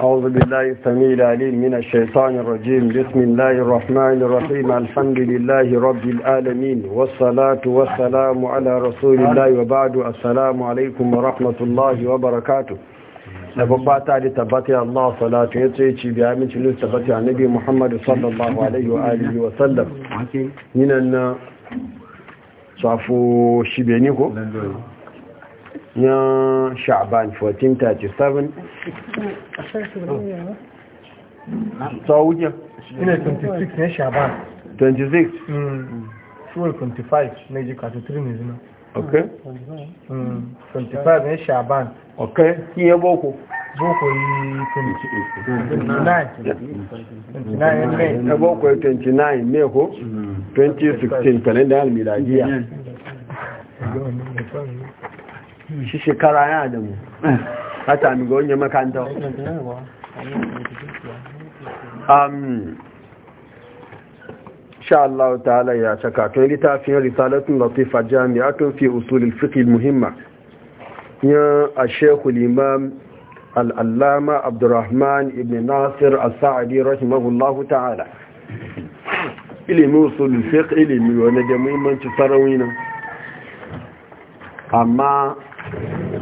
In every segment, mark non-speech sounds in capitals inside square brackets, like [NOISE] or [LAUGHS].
أعوذ بالله السميع العليم من الشيطان الرجيم بسم الله الرحمن الرحيم الحمد لله رب العالمين والصلاة والسلام على رسول الله وبعد السلام عليكم ورحمة الله وبركاته نبقى تعالي تبتي الله صلاة يتريتي بأمين تلو تبتي عن نبي محمد صلى الله عليه وآله وسلم من أن صعفو شبينيكو yan sha'ban 1437 tsawujen ina 26 ne sha'ban 26 shuwar 25 na jika 23 ne zina ok 25 ne sha'ban ok kiye boko boko yi 29 ne boko yi 29 ne ko 2016 kalendar miladiya shi shekara ya da mu hata mi ga wanye makanta amin um, Allah ta'ala ya caka tun littafin risalatun latifa jami'atun fi usulul fiqh muhimma ya ashekul imam al'allama abdurrahman ibn nasir al-sa'adi rahimahullahu ta'ala ilimin usulul fiqh ilimin wani da muhimmanci sarauni amma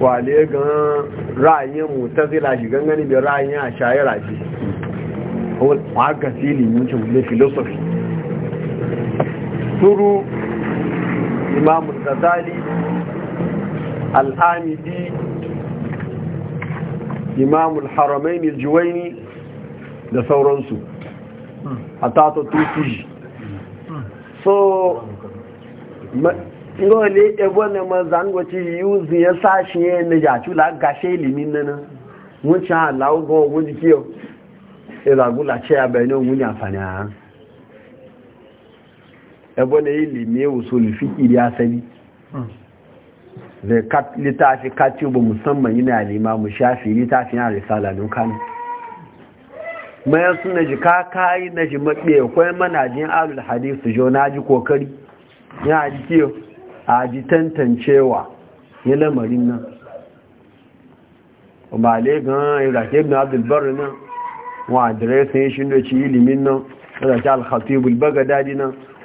wale gan ra'ayin mutazila shi gangani da ra'ayin a shayara shi wa ga fili mutum ne filosofi turu imamu al Al'amidi, al-hamidi imam al juwaini da sauransu a ta tuki so E yau e ne ebo na mazangoci yuzu e ya hmm. sashi ya na yacu la gashe limin nan wuncin alawogon ogun jiki yau iragula ce ya bayanin a ebo na yi limi ya wuso lufiki ya sani zai musamman yana limamu shafi littafin a risala nukanu mayan suna ji na ji maɓe kwayan manajin alul hadisu jo na ji kokari ya ji kiyo a ji tantancewa ya lamarin nan ba le gan irake ibn abdulbar nan wa adiresin shi ci ilimin nan da ta al-khatib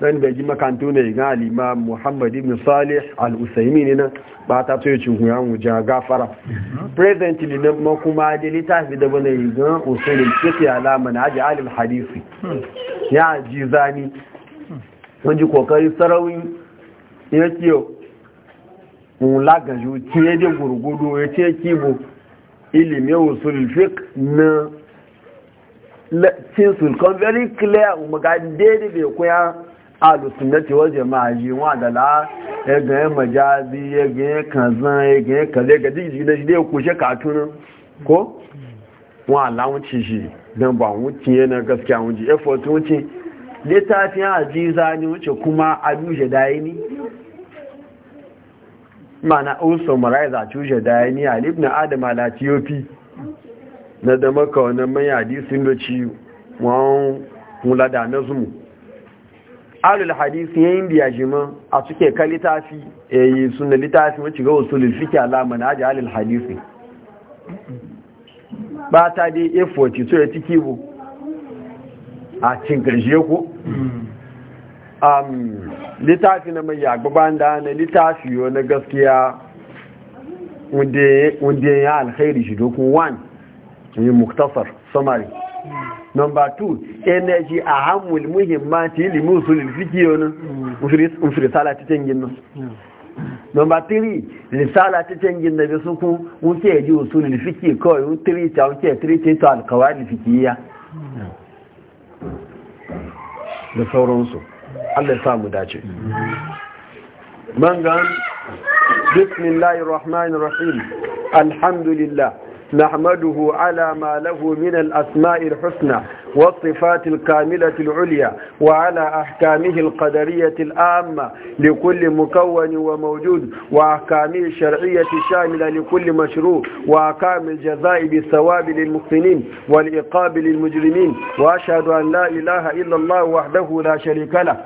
ran da ji makanto ne ga alima muhammad ibn salih al-usaimi ne nan ba ta so cin huya mu ja gafara presently na ma kuma da littafi da bane ga usulul fiqh alama na ji alil hadisi ya ji zani mun ji kokari sarawin yake mun lagaju ya je gurgudu ya ce kibo ilimin usulul fiqh na cin kan very clear magadi daidai bai kuya alùsùnmẹ́tì wọ́n jẹ máa yí wọ́n àdàlá ẹgbẹ̀ ẹmọ̀já bí kànzán ẹgbẹ̀ kànlẹ̀ ẹgbẹ̀ díjìdíjì ilé òkú ko. kó wọ́n àláwọn ti ṣe dánbà wọ́n ti yẹn na gaskiya wọ́n jí ẹfọ́ tó ti létà tí a jí za ni ce kuma alúṣẹ̀ dáyé ní mana ó sọmọ̀ráìzà tí ó ṣẹ̀ dáyé adam mai hadisi wọ́n mú ládà na zumu alul hadisi ya yin biya jima a suke ka litafi ya eh, yi suna litafi wacce ga wasu lulfiki alama na aji alul hadisi ba ta dai f40 so ya ciki bu a cin karshe ku? littafi na mai yagbaban da na littafi yau na gaskiya wunde ya alkhairi shi dokun 1 yi muktasar samari Number two, energy a hamul muhimmanci ilimin usulin fiki wani hmm. usulisala ta cangin hmm. Number three, risala da bisu ku wuce ji usulin fiki kawai wuce Da sauransu, samu dace. Bismillahirrahmanirrahim, Alhamdulillah. نحمده على ما له من الأسماء الحسنى والصفات الكاملة العليا وعلى أحكامه القدرية الآمة لكل مكون وموجود وأحكامه الشرعية الشاملة لكل مشروع وأحكام الجزاء بالثواب للمحسنين والإقاب للمجرمين وأشهد أن لا إله إلا الله وحده لا شريك له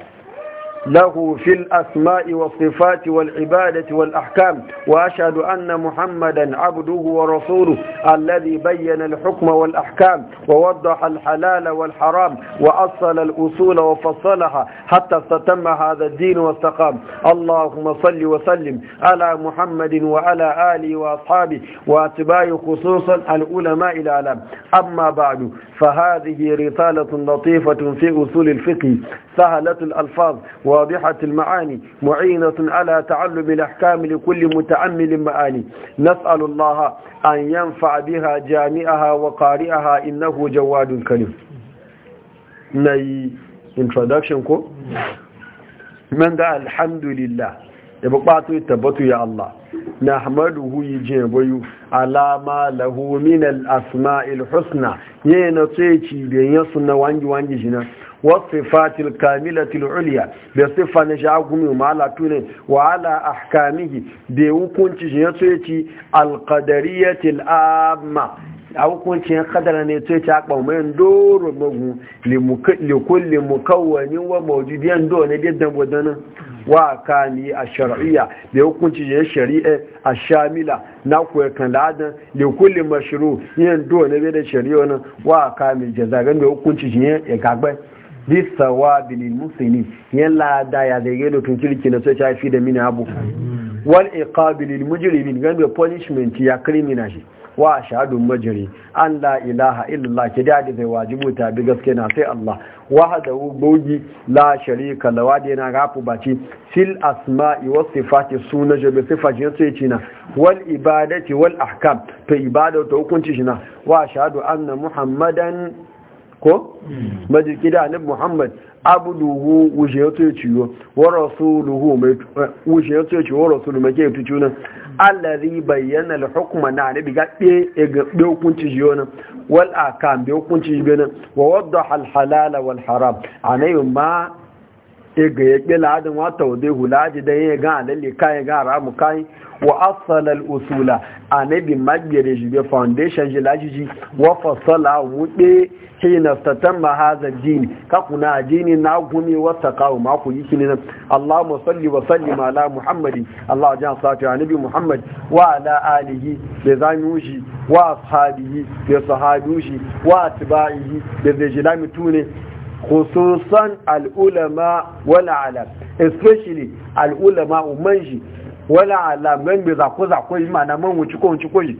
له في الأسماء والصفات والعبادة والأحكام وأشهد أن محمدا عبده ورسوله الذي بين الحكم والأحكام ووضح الحلال والحرام وأصل الأصول وفصلها حتى استتم هذا الدين واستقام اللهم صل وسلم على محمد وعلى آله وأصحابه وأتباعه خصوصا العلماء العالم أما بعد فهذه رسالة لطيفة في أصول الفقه سهلة الألفاظ و واضحة المعاني معينة على تعلم الأحكام لكل متأمل معاني نسأل الله أن ينفع بها جامعها وقارئها إنه جواد كريم ني introduction ko ga alhamdulillah da bukatu ya ya Allah na hamaduhu yi jebayu alama lahu min al-asma'il husna yana tsaye ci na wangi wangi wasifatil kamilatil uliya da sifa ne shi agumi wa ma'ala tunin wa ala ahkamihi da hukunci shi ya tsoye ci alkadariyatil amma a hukunci ya kadara ne tsoye ci akpa mai doro magu likulli mukawani wa mawujudiyan do ne bi dan wadannan wa kani a shari'a da hukunci shi shari'a a shamila na kuwa kan ladan likulli mashiru yin do ne bi da shari'a wa kami jazagan da hukunci shi ya gagbai wa bilin musini yalla da ya zai da tun kirki na soci fi da mini abu wal iqabilil mujrimin game punishment ya criminal shi wa shahadun majri an la ilaha illallah ke da zai wajibu ta bi gaske na sai Allah wahdahu bogi la sharika la wade na gafu baci sil asma'i was sifati suna je be sifati yace wal ibadati wal ahkam to ibada to hukunci shi na wa shahadu anna muhammadan ko majid da annabi muhammad abuduhu wuce ya ciwo wa rasuluhu mai eh, wuce ya tuyo ciwo rasulu mai ke tuyo nan allazi bayyana alhukma hukma na annabi e ga be ga be hukunci jiyo nan wal akam be hukunci jiyo nan wa wadda al-halala wal haram anayuma ga ya ƙi ladin wata wadai hula ji don ya ga alalle kayan ga ramu kayan wa asalal usula a nabi magiyar jibe foundation ji lajiji wa fasala wuɗe shi na statan mahazar jini ka kuna jini na gumi wata kawo maku yi kini nan Allah salli wa salli ma ala muhammadi Allah jan sati a nabi muhammad wa ala alihi da zanu shi wa ashabihi da sahadu shi wa atba'ihi da zai jilami tune khususan al'ulama wala alam especially al'ulama umanji wala alam gan bai zako zako yi mana man wuci ko wuci ko yi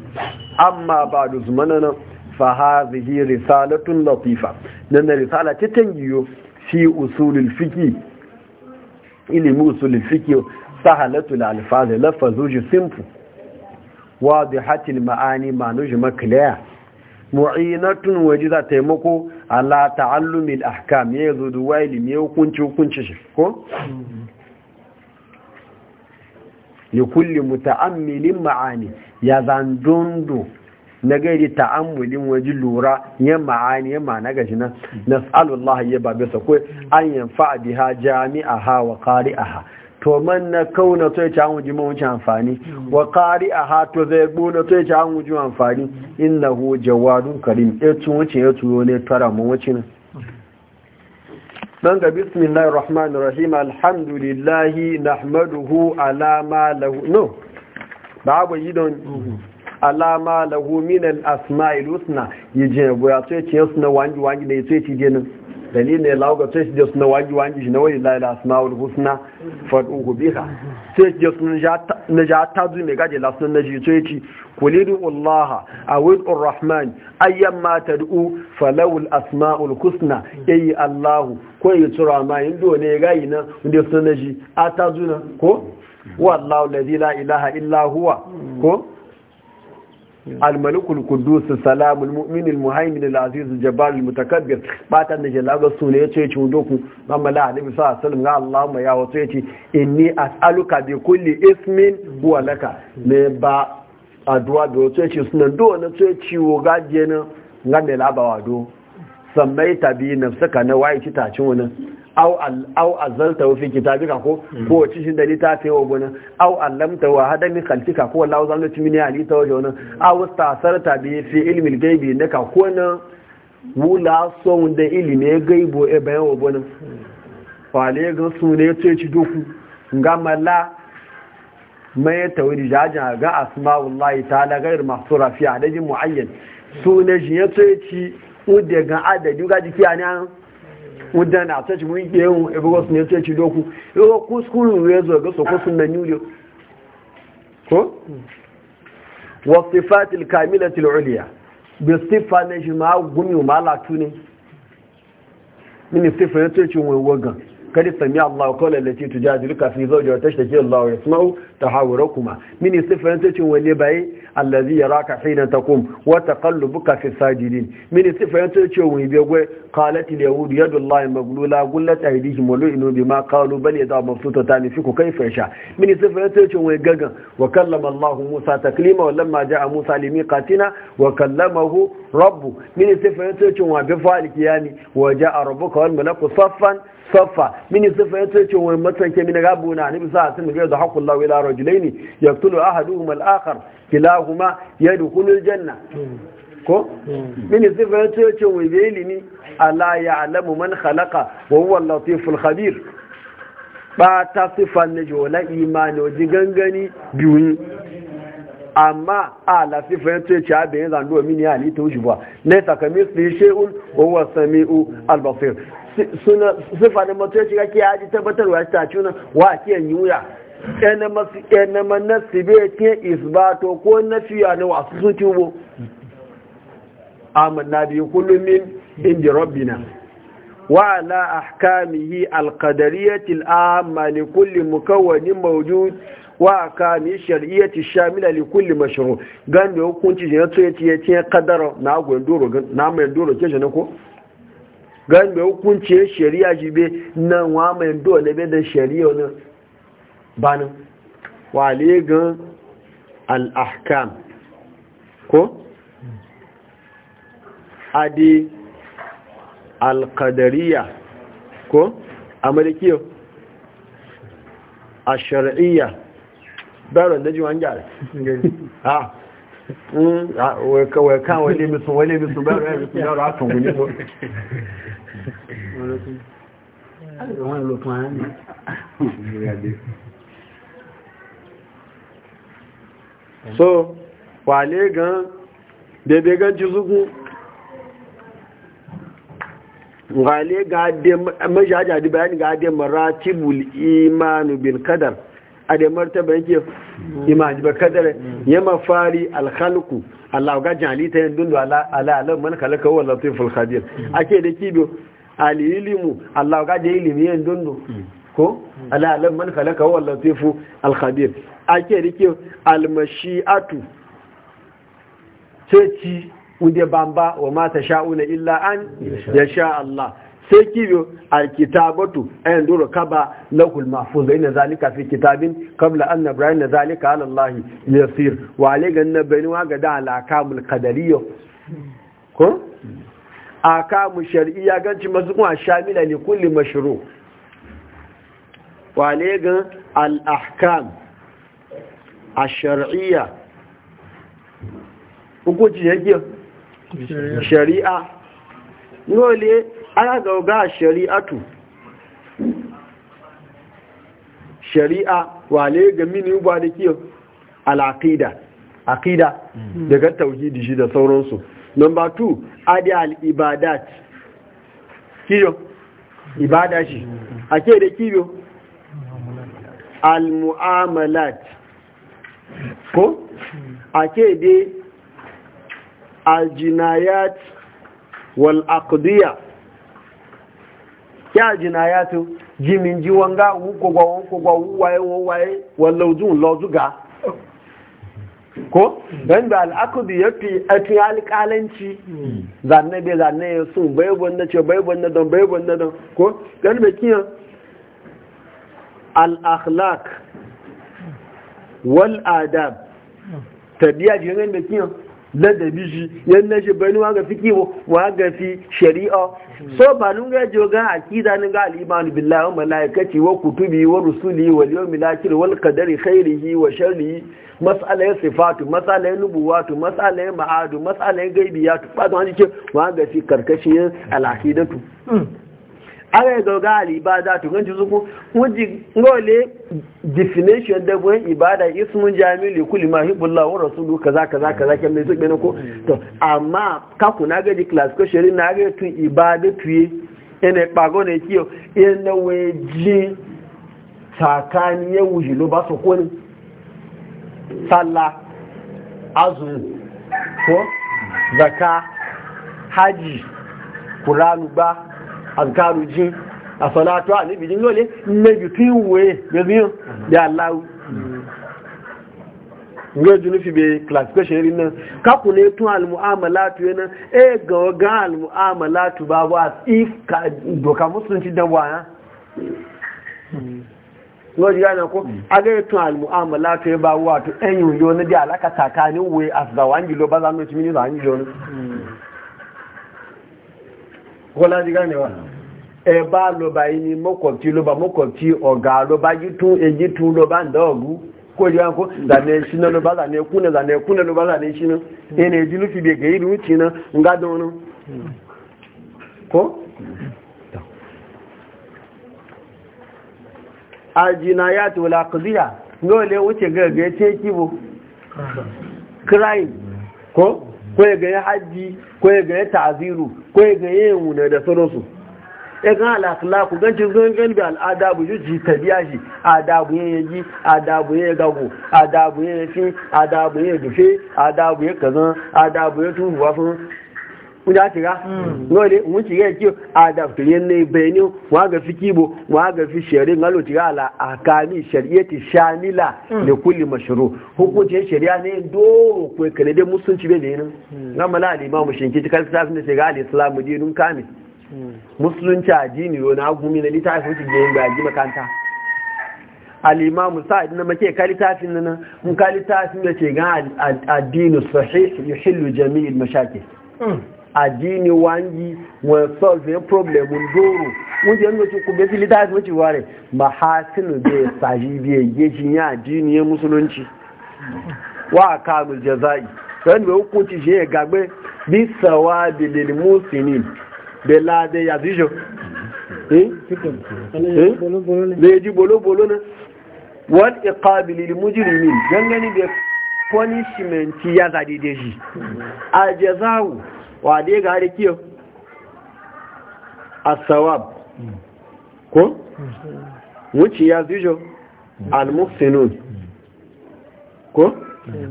amma ba da zumanana fa hadhihi risalatun latifa nan na risala ta tangiyo fi usulul fiqi ilimi usulul fiqi sahalatul alfaz lafazuji simple wadihatil ma'ani manuji clear. mu'inatun waje za taimako ala ta'allumil ahkam ya zo duwa ilimi ya hukunci hukunci shi ko ya kulli muta'ammilin ma'ani ya zandondo na gari ta'ammulin waje lura ya ma'ani ya ma'ana gashi nan nas'alullahi ya babesa an ko an ha biha jami'aha wa qari'aha to man na kauna to ya ci an wuji amfani wa kari a hato zai buna to ya ci an wuji amfani inda hu jawadun karim ya tun wuce ya turo ne tara ma wuce nan don ga bismillahir rahmanir rahim alhamdulillahi nahmaduhu alama lahu no babu yi don alama lahu min al asma'il husna yije goya to ya ci na wangi wangi ne to ya ci jenin dalilin ya lauga sai su jesu na wagi wagi shi na wani lalata asma wani husna faɗin gubiha sai shi jesu na ja ta zuwa mai gaji lasu na ji to ci kulidu allaha a wadun rahman ayyan mata du'u falawul asma'ul wani husna ya yi allahu ko yi tura ma yin dole ya gayi na wanda su na ji a ta zuwa ko wallahu la ilaha illa huwa ko Hmm. almalikul kudus salamul mu'minul muhaimin al-azizul jabbarul mutakabbir batan da jalaga sune yace ci doku amma la annabi sallallahu alaihi wasallam ga Allahumma ya wato yace inni as'aluka bi kulli ismin huwa ne ba addu'a da wato yace sunan do na ce ciwo gaje na ga me labawa do sammai tabi nafsaka na wayi ci tacin wannan au azalta fi kitabika ko hmm. ko cikin da ce wa gona au alamta wa hada min khalqika ko Allah zan lutu min ali ta wajen nan au tasarta bi fi ilmi al ne ka ko na wula son da ilimi gaibo e bayan wa gona wale ga su ne ce ci doku ngamala mai tawiri jaja ga asma'ullahi ta'ala gairu mahsura fi adadin muayyan su ne ji ce ci udde ga adadi ga jiki anan Wudana na ta ci mun ke yawon ebogos ne ta ci doku yawon kuskurin ya zo ga sokosun na new ko wasifatil kamilatil uliya bi sifa ne shi ma gumi ma latu ne min sifa ya ce wai wagan Kadi sami Allah kawai lati tujadiluka fi shi tashtaki Allah ya yasma'u tahawurakuma min sifa ya ce wai ne baye. allazi yaraka hina taqum wa taqallubuka fi sajidin min sifayan to ce wani be gwe qalat al yahud yadullahi maglula gullat aydihim wa lu'inu bima qalu bal yadaw mabsuta tani fiku kayfa yasha min sifayan to ce wani wa kallama allah musa taklima wa lamma jaa musa limiqatina wa kallamahu rabbu mini sifa ya tocin wa bi faliki ya ni wa ja'a rabbuka wal malaku saffan saffa mini sifa ya tocin wa matanke mini na annabi sa sun ga da hakku Allah ila rajulaini yaqtulu ahaduhuma al akhar kilahuma janna ko mini sifa ya tocin wa bi ilmi ala ya alamu man halaka wa wuwan latiful khabir ba ta sifa ne jola imani wa gangani biyu amma a lafifa yanzu ya ce abin yin zandu omi ya a ta wuce ba na yi takami su yi she'un wa u albafir suna sifa da mutu ya shiga ke yaji wa ta cuna wa ke yuya ɗan masu ɗan manar sibe ke isbato ko na fiya na wasu sun tubo amma na biyu kullum min inda rabbina وعلى أحكامه القدرية العامة لكل مكون موجود wa ka mi shari'ati shamila li kulli mashru gan da hukunci ne to yace yace kadara na gwan doro na mai doro ke shi ne ko gan hukunci shari'a jibe nan wa mai doro ne da shari'a ne bana wa le gan al ahkam ko adi al qadariya ko amalikiyo a shari'iyya baron da jiwon gyara ha [LAUGHS] ah. mm, ah, wai kan wani misun wani misun baron ya misun yaro a kan guni ko so le, gan bebe gan ci wa le, ga adi majaja di bayani ga adi maratibul imanu bil kadar a da martaba yake imaji ba kadar ya mafari alhalku Allah ga jali ta yin dundu ala alam man kalaka wa latiful khabir ake da kibo alilimu Allah ga da ilimi yin dundu ko ala alam man kalaka wa latiful khabir ake da kibo almashiatu sai ci unde bamba wa ma tasha'una illa an yasha Allah sai kibiyo alkitabatu ayan duru kaba lahul mahfuz inna zalika fi kitabin qabla an nabra inna zalika ala allah yasir wa alayka annabani wa gada ala kamul qadariyyo ko akamu shar'iyya ganci masu kuma shamila li kulli mashru wa alayka al ahkam ash-shar'iyya hukunci yake shari'a nole aya gauga shari'atu shari'a wale ga mini ba da kiyo al'aqida aqida mm. daga tauhidi shi da sauransu number 2 adi al-ibadat kiyo ibada shi mm. ake da kiyo al-mu'amalat ko mm. ake da al-jinayat wal-aqdiyah ya jinayatu jimin ji wanga wukogwa wukogwa wuwaye wuwaye wallauzun lauzuga ko don da al'akudu ya fi ati alƙalanci zanne bai zanne ya sun bai wanda ce bai wanda don bai wanda don ko gani bai kiyan akhlaq wal adab tabiya jiyan gani bai kiyan ladabi shi yan shi bani wa ga fiki wa ga fi shari'a so ba nun ga jo akida nun ga al billahi wa malaikati wa kutubi wa rusuli wa milakir akhir wal qadari khairihi wa sharrihi mas'ala sifatu mas'ala nubuwatu mas'ala ma'adu mas'ala gaibiyatu ba don ke wa ga fi karkashin al-akidatu hmm. ara ẹ̀dọ̀gá ala ibada to súnkún wọ́n jí rọ́lẹ̀ definition dẹ́gbọ́n ibada ismun jami'u lè kúlì máa hìbùlá rasulu kaza kaza kaza kẹmẹ́ tó gbẹ́nu kó tọ́ àmá kakù náà gẹ́jì kìlásìkò ṣeré na rẹ̀ tun ibada tuye ẹnẹ pàgọ́ náà kí ọ ẹnẹ wọ́n jí tàkàníyẹ̀wò yìí ló zaka hajj kuranu ba azkaru jin a salatu a nabi jin lole na bitin we da biyu da allahu nge junufi be classification rin nan ka ku ne tun al mu'amalatu yana e ga ga al mu'amalatu ba wa if ka doka musulunci da waya ngo ji gana ko aga tun al mu'amalatu ba wa to en yo na di alaka tsakanin we as da wangi lo ba za mu ci mini za wangi lo ne ko laji ganewa e eh, ba lo ba yi ni makwabci lo ba makwabci ọ̀gá lo yi èyí tún lo ba ń eh, ko ji ko da na lo ba da ne kuna na. ne kuna na e ne ji nufi be na nga don ko aljinayat wal aqdiya ngole ga ko ya ga hajji ko ya ga ta'ziru ko ya ga yawuna da sauransu ya ga al'akhlaku gancin zan gani bi al'adabu yuji tabiya shi adabu ya yaji adabu ya gago adabu ya yafi adabu ya dufe adabu ya kazan adabu ya tuhuwa fun kuja shiga dole mun shiga ki da to ne bayani wa ga fi kibo wa ga fi shari'a ngalo tira ala akami shari'ati shamila da kulli mashru hukuncin shari'a ne do ko kale da musulunci be ne nan ngama la al-imam shinki tikal tafin da shiga al-islam dinun kamil musulunci addini ro na gumi na litafin ki ga ba ji makanta al-imam sa'id na make ka litafin nan mun ka litafin da ce ga addinu sahih yuhillu jami'il mashakil hmm. addini wangi wọn solve yin problem ndoro wọn jẹ nínú tí kò bẹ sí lítà tí ye. ti wà rẹ mahasinu bẹ sàyí bí ẹyẹ ṣi yẹn addini yẹn musulunci wà ká àmì jẹzáì sọyìn bẹ kó ti ṣe yẹn gàgbé bí sàwà bolo mùsùlùmí bẹ láàdẹ yàtúṣọ. lèyí bolóbolo náà wọn ìkàbìlì mùjìrìmí gẹ́gẹ́ níbi punishment yàtà dédé A jazawu. wa dai ga har kiyo Asawab. ko wuci ya zijo al-muhsinun ko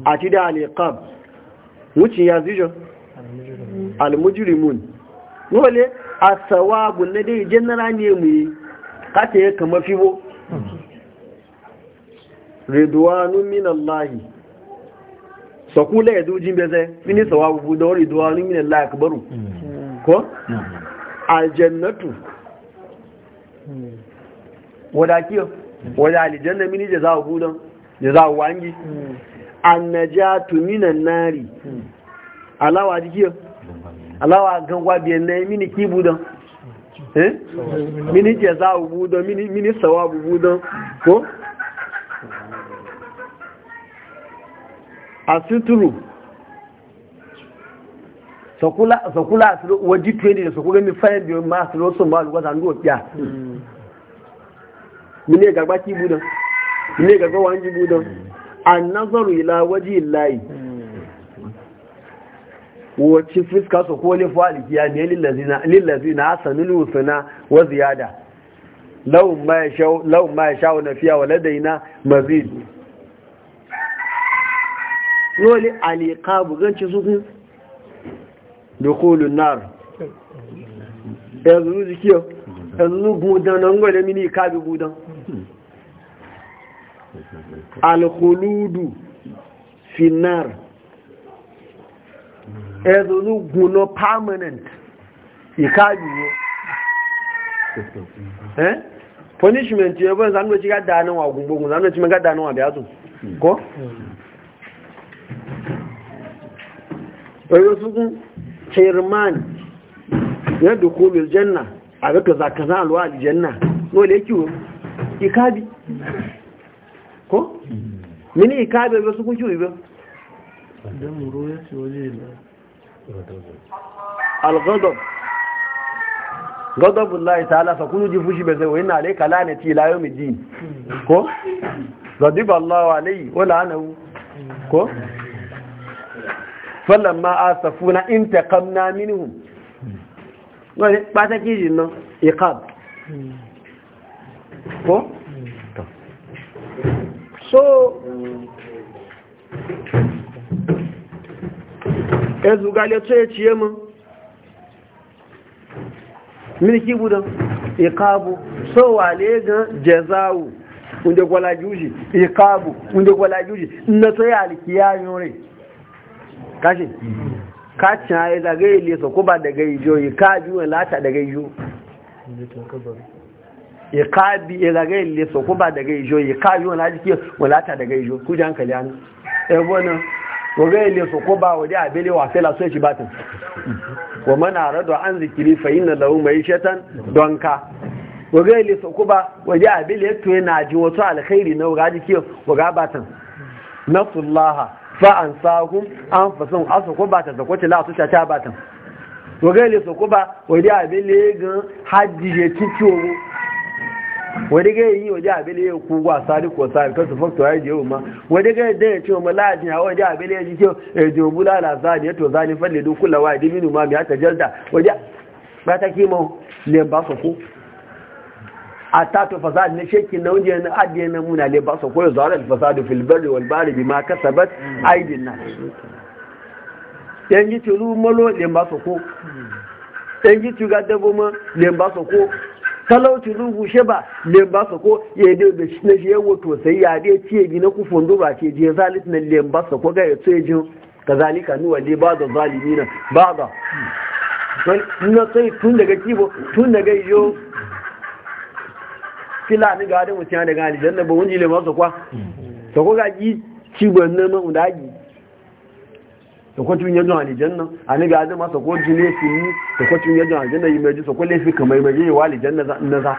Ati da al-iqab wuce ya zijo al-mujrimun wole as ne dai general ne mu yi kata ya kama fibo ridwanu min allahi sakula ya zujin bai zai mini sawabu da wani duwanin min Allah akbaru ko aljannatu wada kiyo wada aljanna mini jazaa'u budan jazaa'u wangi annajatu minan nari alawa dikiyo alawa gangwa biyan nayi mini ki don? eh mini jazaa'u don, mini mini sawabu don ko a suturu sakula a waji 20 da sakula mi fayar biyu ma a wasu sun ba alwata ndo fiya. mine gagba ki budan mine gagba wanji budan hmm. an nazaru ila waji layi hmm. wacce fuska su ko lefu alikiya ne lillazi na asanin na, wa ziyada lahun ma ya sha'u na fiya wa ladaina mazid roli alikabu ganci sukun da kolun nar yanzu zikiyo yanzu gudan nan gwada mini kabi gudan alkuludu finar yanzu guno permanent ikabi ne eh punishment yabo zanuwa ci gada nan wa gungbogun zanuwa ci gada nan wa biatu, ko ويوسف حرمان يدخل a على كذا كذا الوال الجنة ولكن ikabi ko mini ikabi ba su kun kiwi ba al-ghadab ghadab Allah ta fa kunu ji fushi bai wa inna alayka lanati ila yawmi din ko ghadib Allah alayhi wa la'anahu ko falamma asafuna na minhum wani pataki jin nan ikab ko so ezu gale ya ciye mun miliki budan ikabu so wale ga jazawu unde gwala juji iqabu unde gwala juji na tsaye alkiya yore kashi kacin haye daga yi lesa kuma daga yi joyi ka wani lata daga yi joyi ya ka biyu daga yi lesa kuma da yi joyi ka biyu lata wani lata daga yi joyi kujan kalyanu ebo nan waga yi lesa kuma wadda abele wa fela so shi batin wa mana rado an zikiri fahim na lau mai shetan don ka waga yi lesa kuma wadda abele ya tuwe na ji wasu alkhairi na waga jike waga na nasullaha fa'an sahun an fasun a soko ba ta soko ce la'asu shata ba ta wagai le soko ba wadda abin le gan hajji ya ci ciwo wadda ga yi wadda abin le ku gwa sari ko sari kan su fakta ya je ma wadda ga yadda ya ce wa malajin hawa wadda abin le ya ji ke ya ji wa bula la zani ya to zani falle duk kula wa ya ma ya ta jalda wadda ba ta kima le ba ku. atatu fasad na shekin na wajen na adiye na muna le ba su koyo zuwa fasadu fil barri wal bari bi ma kasabat aidin nas yangi tulu malo le ba su ko yangi ga dabo ma le ba su ko talauci ruhu shi ba lemba sa ko ya dai da shi na shi yawo to sai ya dai ciye gi na kufun ba ke je zalit na lemba su ko ga ya tsaye jin kazalika ni wali ba da na, ba da na sai tun daga kibo tun daga yo fila ni ga adamu tiya daga aljanna ba wani ile masu kwa to ko ga gi cibon nan ma udagi to yanzu a yajon a ani ga adamu masu ko jine fi ni to ko tun yajon aljanna yi meji so ko lefi kamar meji wa aljanna na za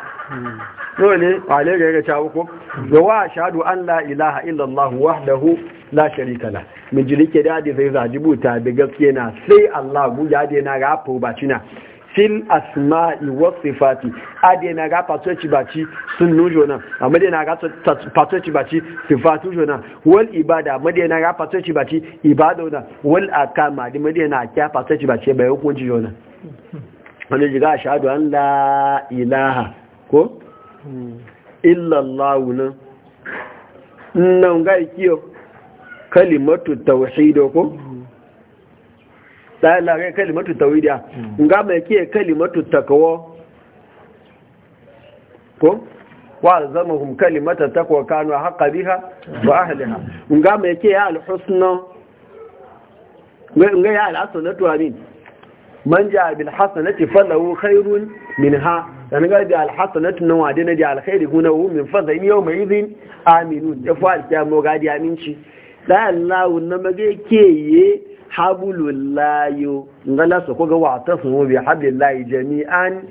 ne ale ga ga chawo ko ga wa shaɗu an la ilaha illa allah wahdahu la sharika la min jilike da da zai zajibuta da gaskiya na sai allah gujade ya na ga fo bacina fil asma'i wa sifati ade na ga patso cibaci sun nujo nan amma na ga patso cibaci sifatu jo nan wal ibada amma na ga patso cibaci ibada nan wal akama dai amma dai na kya patso cibaci bai hukunci ji nan wani jiga shahadu an la ilaha ko illallahu nan nna ga ikiyo kalimatu tauhid ko la ilaha illa kalimatu tawhidiya hmm. ga mai ke kalimatu takawa ko wa zamahum kalimata takwa kanu haqqa biha wa ahliha ga mai ke ya alhusna ga ya alhasanatu amin man jaa bil hasanati falahu khairun minha dan ga da alhasanatu nan wa na ji alkhairi kuna hu min fadhin yawma idhin Aminu. da fa alkiyamu ga da aminci la na mage ke ye habulullahi ngala so ko ga wa ta sun bi hablillahi jami'an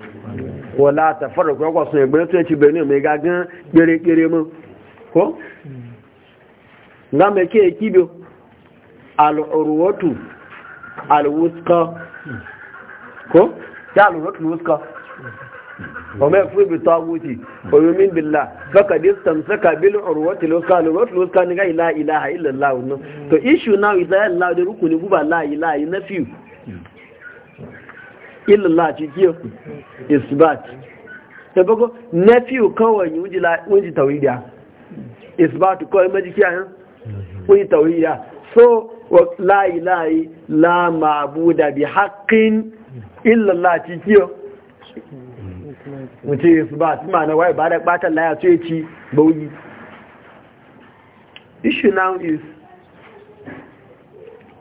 wala tafarraqu ko sun be to ci be ne me ga gan kere kere mo ko ngame ke kibo al-urwatu ko ya al-urwatu al وما يكفر بالطاغوت ويؤمن بالله فقد استمسك بالعروة الوثقى العروة الوثقى نغا لا إله إلا الله so issue now is that Allah da rukuni guba la ilaha in nafi illa Allah ci kiyo isbat ta bago nafi kawai wuji wuji tawhidiya isbatu kawai maji kiyan wuji tawhidiya so la ilaha la bi haqqin mutum yi su ba su ma na wai ba da ɓatan laya su ci bauyi issue now is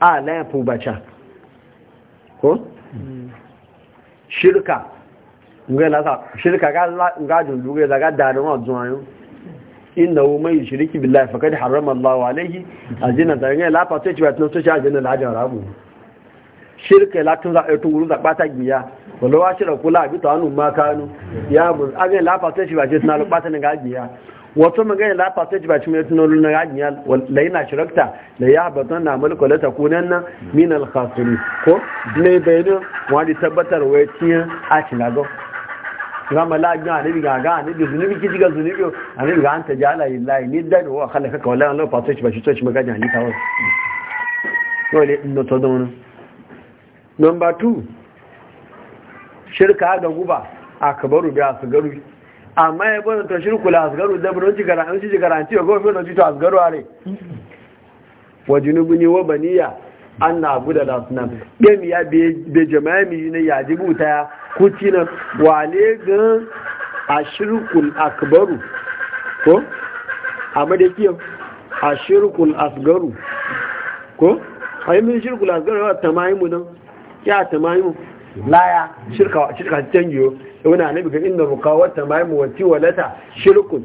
a laya fubaca ko shirka shirka ga dunduga zaga darin wa shiriki billahi da ga lafa to ci ba to ci rabu shirka latin za a yi tuwuru zaɓa ta giya wanda wa shirar kula a bita hannun makanu ya bu agayin lafasar shi ba ce suna lubata na gajiya wato mun gani lafasar shi ba ce mai tunan na gajiya da na shirakta da ya haɓata na mulka da ta kunan nan min alhasuri ko ne bayanin wani tabbatar wai tiyan a shinago gama lagin anabi gaga a anabi zunubi kiji ga zunubi a anabi ga an ta jala layi ni da wa khalaka kawai lafasar shi ba shi to shi magana ni kawai dole in to don number two, shirka da guba a kabaru da asgaru amma ya bada ta shirku da asgaru da burin ci garanci ci garanti ko gofe da to asgaru are wa ne wa baniya an na abu da nan. Ɗan ya be jama'a mi yi ya ji buta ya kuci na wale gan a shirkul ko amma da kiyo a shirkul asgaru ko ayi yi shirku asgaru ya tamayi mu nan ya tamamu laya shirka shirka canjiyo wani annabi ga inda mukawar tamamu wa tiwalata shirkun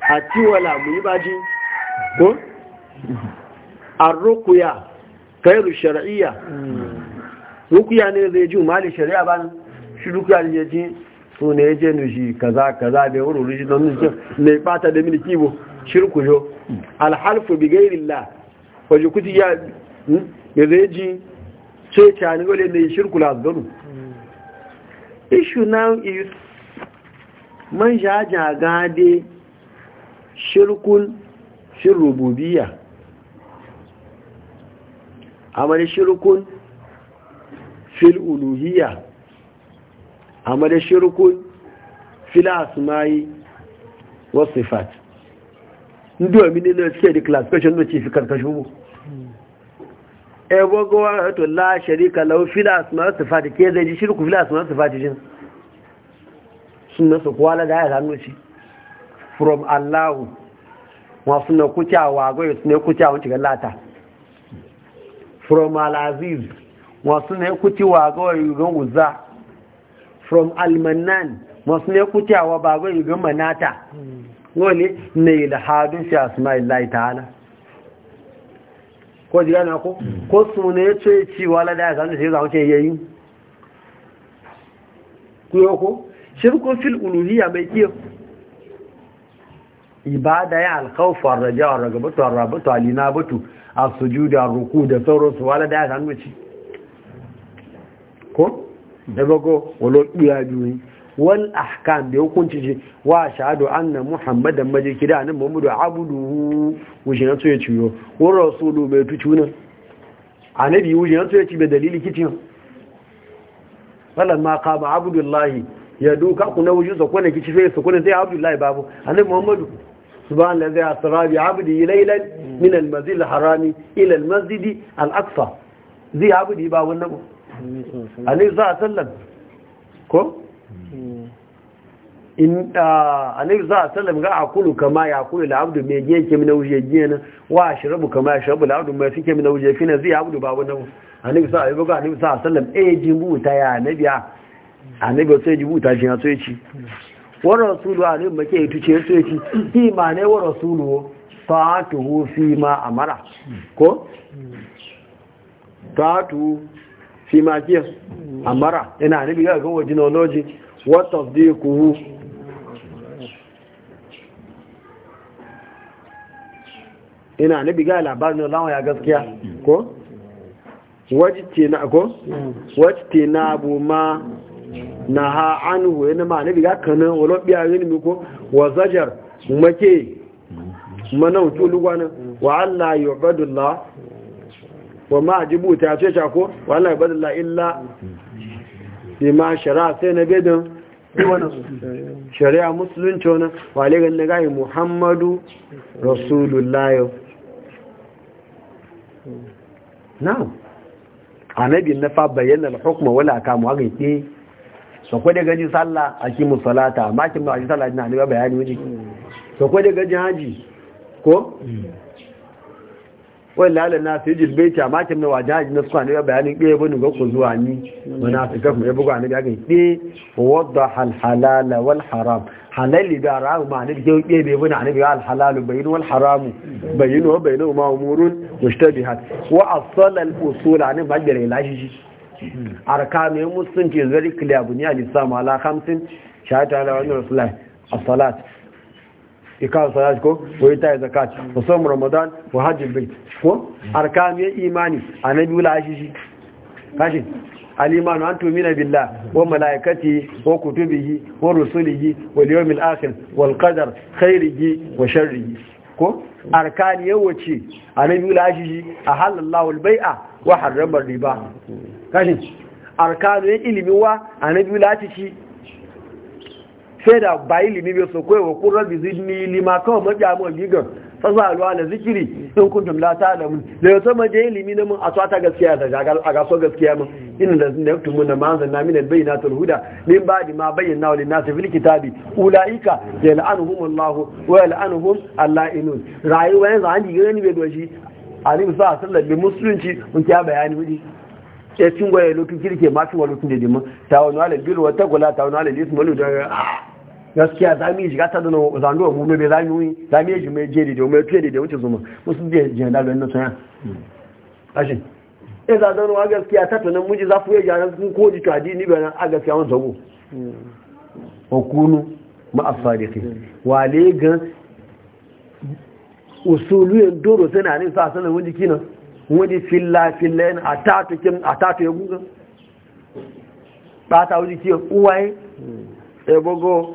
a tiwala mu yi baji ko arrukuya kairu shar'iyya rukuya ne zai ji mali shari'a ba Shirkuya rukuya ne ya ji su ne ya je nushi kaza kaza bai wuri rushi don nushi ne bata da mini kibo shirku jo alhalfu bi gairillah waje kuti ya hmm? zai ji ce cani wale mai shirkula gano issue now is man jaja gade shirkun shirrububiya amade shirkun fil uluhiya amade shirkun fil asma'i was sifat ne na suke da classification da ce fi karkashin mu ebo gowa to la sharika lahu fil asma sifati ke zai ji shirku fil asma sifati jin sunna su kwala da ya hannu shi from allah wa sunna kucawa go sunna kucawa ci lata from al aziz wa sunna kuciwa go yugon uzza from al mannan wa sunna kucawa ba go yugon manata wani ne shi fi asma'illahi ta'ala ko ji gane ko ko su ne ya ce cewa lada ya sanu sai zaunce ya yi kuyo ko shirkun fil uluhiyya mai kiyo ibada ya alkhawfu arraja arragabatu arrabatu alinabatu as-sujud arruku da su wala da ya sanu ci ko da bago walo biya biyu wal ahkam da hukunci ji wa shahadu anna muhammadan majiki da nan muhammadu abuduhu wuce to tsoye ciyo wa rasulu bai tuci nan annabi wuce na tsoye ci bai dalili kitin wala ma kama Abdullahi ya duka kuna wuce su kuna kici sai su kuna sai abdullahi babu annabi muhammadu subhanallahi zai ta'ala sarabi abdi laylan min al-masjid al-harami ila al-masjid al-aqsa zai abdi ba wannan annabi sallallahu ko Hmm. in da ah, annabi za sallam ga akulu kama ya akulu la abdu me je ke mina wuje je na wa shrabu kama ya shrabu la abdu me fike mina wuje fina zai abdu babu nan annabi sa ayi ga annabi sa sallam e eh, jibu ta ya annabi ya ah. annabi sai jibu ta jin so yaci wa rasulu annabi make tu ce so yaci ki ma ne wa rasulu fa'atuhu fi ma amara ko hmm. ta'atu fi ma kiyas amara ina anibi ga gan waje noloji what of the kuhu ina anibi ga labarin lawan ya gaskiya ko wajite na ko wajite na abu ma na ha anhu yana ma anibi ga kanan wala biya yin mi ko wa zajar make manautu lugwana wa Allah yu'badullah wa ma jibu ta ce shako wallahi badalla illa ma shari'a sai na bedin shari'a musulunci wani walegan na gani muhammadu rasulullahi na'am annabi na fa bayyana al-hukma wala mu haka yake so ko da gaji sallah ki musalata, makin kin ba ji sallah ina ne bayani miji so ko da gaji haji ko wani lalin na su yi jilbe a makin na wajen hajji na suwa ne ya bayanin ɗaya bani ga ku zuwa ni mana su kafin ya buga ni ga gani ɗe eh, wadda halhalala wal haram halalli da ramu ma ne ke ɗe bai bani anabi ga halalu bayin wal haramu bayin wa bayin wa bi hat wa asalal usula ne ba gare lashi arkanu musulunci zari kiliya buniya lissamu ala hamsin shahata ala wani rasulai as-salat ikaw salat ko wa ita zakat wa sawm ramadan wa hajj albayt ko arkan ya imani annabi wala shi kashi al-imanu an tu'mina billah wa malaikatihi wa kutubihi wa rusulihi wal yawmil akhir wal qadar khairihi wa sharrihi ko arkan ya wuce annabi wala shi ahallallahu albay'a wa harrama riba kashi arkan ya ilimi wa annabi wala shi sheda bayili ni ilimi bai so ko kun rabbi zidni lima kawai mafi amon gigan sassa alwa la zikiri in kuntum la ta alamu da yau je ilimi na mun a tsata gaskiya da a so gaskiya mun in da zin da yaktu mun na ma'azan na minan bayyana tul huda min ba di ma bayyana wa linnas fil kitabi ulaika yal'anuhum allah wa yal'anuhum allainun rayuwa yanzu an ji be bai doshi alim sa sallallahu bi musulunci mun ta bayani wuri ya tun goye lokin kirke ma fi wa lokacin da dimma ta wani alal bir wa tagula ta wani alal ismalu da gaskiya za mu yi shiga ta da zanduwa mu bai za mu yi za mu yi shi mai jere da mai fiye da wuce zuma musu je je da lona sun ya ashe ya eh, za zanu wa gaskiya ta tunan muji za ku jana sun koji ji tadi ni bayan a gaskiya wannan zago hukunu ma wa wale gan usulu yan doro suna ne sa sanar wani kina wani filla filla yana atatu kin atatu ya gugan ba ta wuji kiyo uwaye ebogo hmm.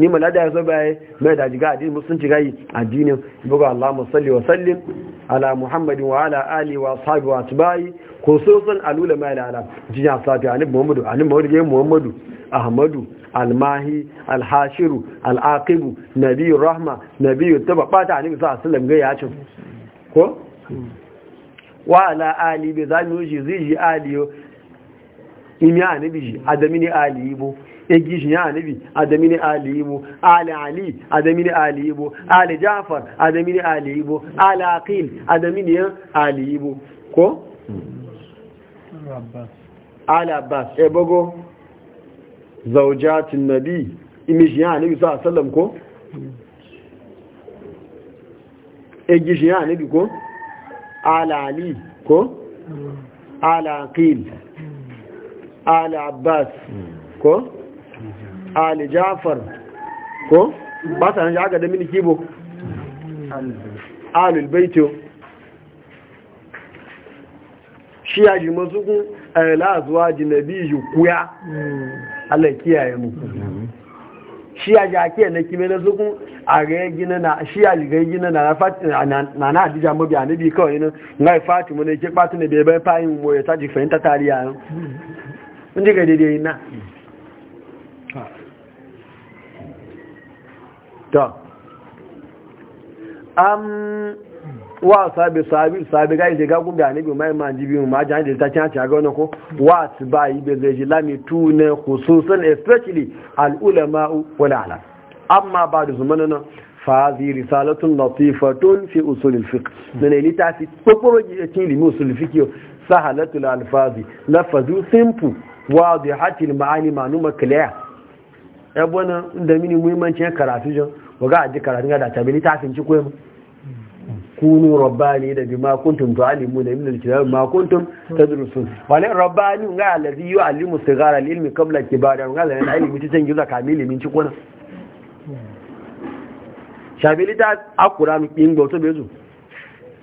ni mala da yaso bai mai da jiga addini musulunci gayi addinin buga Allah salli wa sallim ala Muhammadin wa ala ali wa sahbi wa atbai khususan alula mai ala ala jiya safi ani Muhammadu ani Muhammadu Muhammadu Ahmadu almahi alhashiru alaqibu nabiyyu rahma nabiyyu taba bata ani sa sallam gai ya ko wa ala ali bi zamu ji ziji aliyo imi ani bi adamini ali bo yagi shi ya anabi adami ne ali ali ali adami ne ali ibo ali jafar adami ne ali ibo ali aqil adami ne ali ibo ko ali abbas e bogo zaujatin nabi imishi ya anabi sa sallam ko yagi eh, shi ya anabi ko ali ali ko hmm. ali aqil hmm. ali abbas ko ali jafar ko ba sa nan aka da mini kibo alul baito shi ya ji mazukun ayala eh, zuwa ji na biyu kuya Allah kiyaye mu shi ya ji ake na kime na zukun a gaya gina na shi ya gaya gina na na na adija mabi a nabi kawai nan ngai fatima ne ke kpatu ne bebe fayin mo ya ta ji ta tariya yau. Ndi ga daidai na. to am wa sabi sabi sabi ga ise gagun da ne bi mai ma jibi mu ma jan da ta cha cha ga no ko wa ba yi be zai lami ne khususan especially al ulama wal ala amma ba da zumanana fa zi risalatun latifatun fi usul al fiqh ne ni ta fi kokoro ji e cin limi usul fiqh sahalatul alfazi lafazu simple wadihatil maani manuma clear yabona da mini muhimmancin ya karatu jan waga a ji karatu ga da tabili ta finci koyi kunu rabbani da bi ma kuntum tu'allimu da ibnul kitab ma kuntum tadrusun wala rabbani ga allazi yu'allimu sigara al-ilmi qabla kibari ga da ilmi ta tangi za kamili min ci kona shabili ta alqur'anu kingo to bezu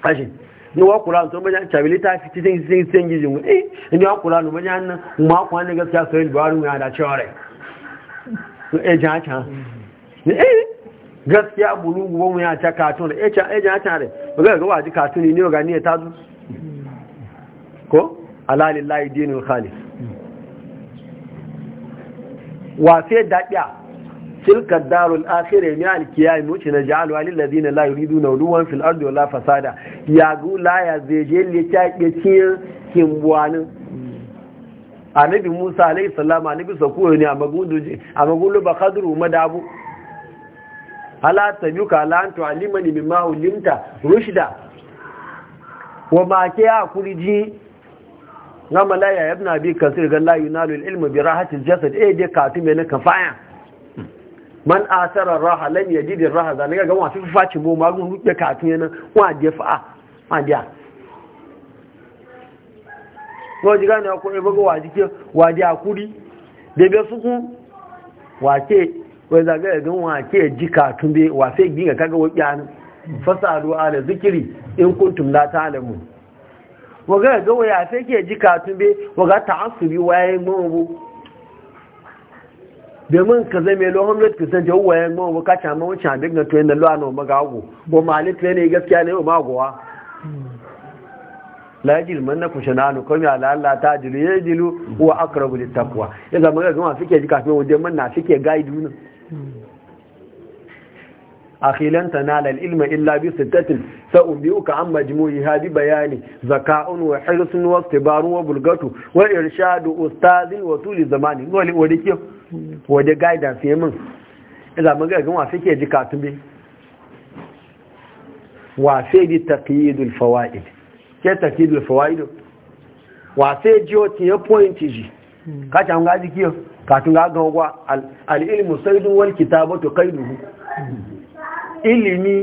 kashi ni wa qur'an to bayan shabili ta fiti tangi tangi jin eh ni wa qur'anu bayan nan ma kwana gaskiya sai baru ya da cewa rai ejan acha eh gaskiya bulugu ba mu ya ta katun ejan ejan ta re ga ga waji katun ne ga ne ta zu ko alalillahi dinul khalis wa sai daɗiya tilka darul akhirah min al-qiyam wuce na ja'alu lil ladina la yuriduna ulwan fil ardi wala fasada ya gu la ya zeje le ta ke cin kimbuwanin annabi musa alayhi salam annabi sakuwa ne a magunduji a magulu ba kadru madabu ala tabiuka la antu alimani mimma ulimta rushda wa ma ke akuliji na malaya ya ibn abi kasir ga la yunalu ilmu bi rahatil jasad eh je katu me ne faya man asara raha lan yajid raha zalika ga wa fi faci bo magun rukke katu ne wa je fa'a wa dia wọ́n ti gánà ọkùnrin gbogbo wà jí kí wà jí àkúrí dẹ̀bẹ̀ fúnkún wà tí wẹ́zàgẹ́gẹ́ wà tí ẹ̀jí kàtún bí wà fẹ́ gbí kàkàkà wọ́n pìyànú fasalu ala zikiri in kuntum la ta'lamu waga waga ka ka na ba ne gaskiya ne wa magowa la jilman na kushana nu kuma ala Allah ta jilu ya jilu wa aqrabu lit takwa ya zama ga kuma fike ji kafin wajen man na fike gaidu a khilanta na lal ilma illa bi sittatin sa umbiuka an yi hadi bayani zaka'un wa hirsun wa istibarun wa bulgatu wa irshadu ustazin wa tuli zamani wani wani ke wani guidance min ila zama ga kuma fike ji kafin bi wa fi taqyidul fawaid ke tafi da fawaido wa sai jiyo tiye point ji ka ta ga ji kiyo ka tun ga ga gwa al ilmu saydun wal kitabatu qaiduhu ilimi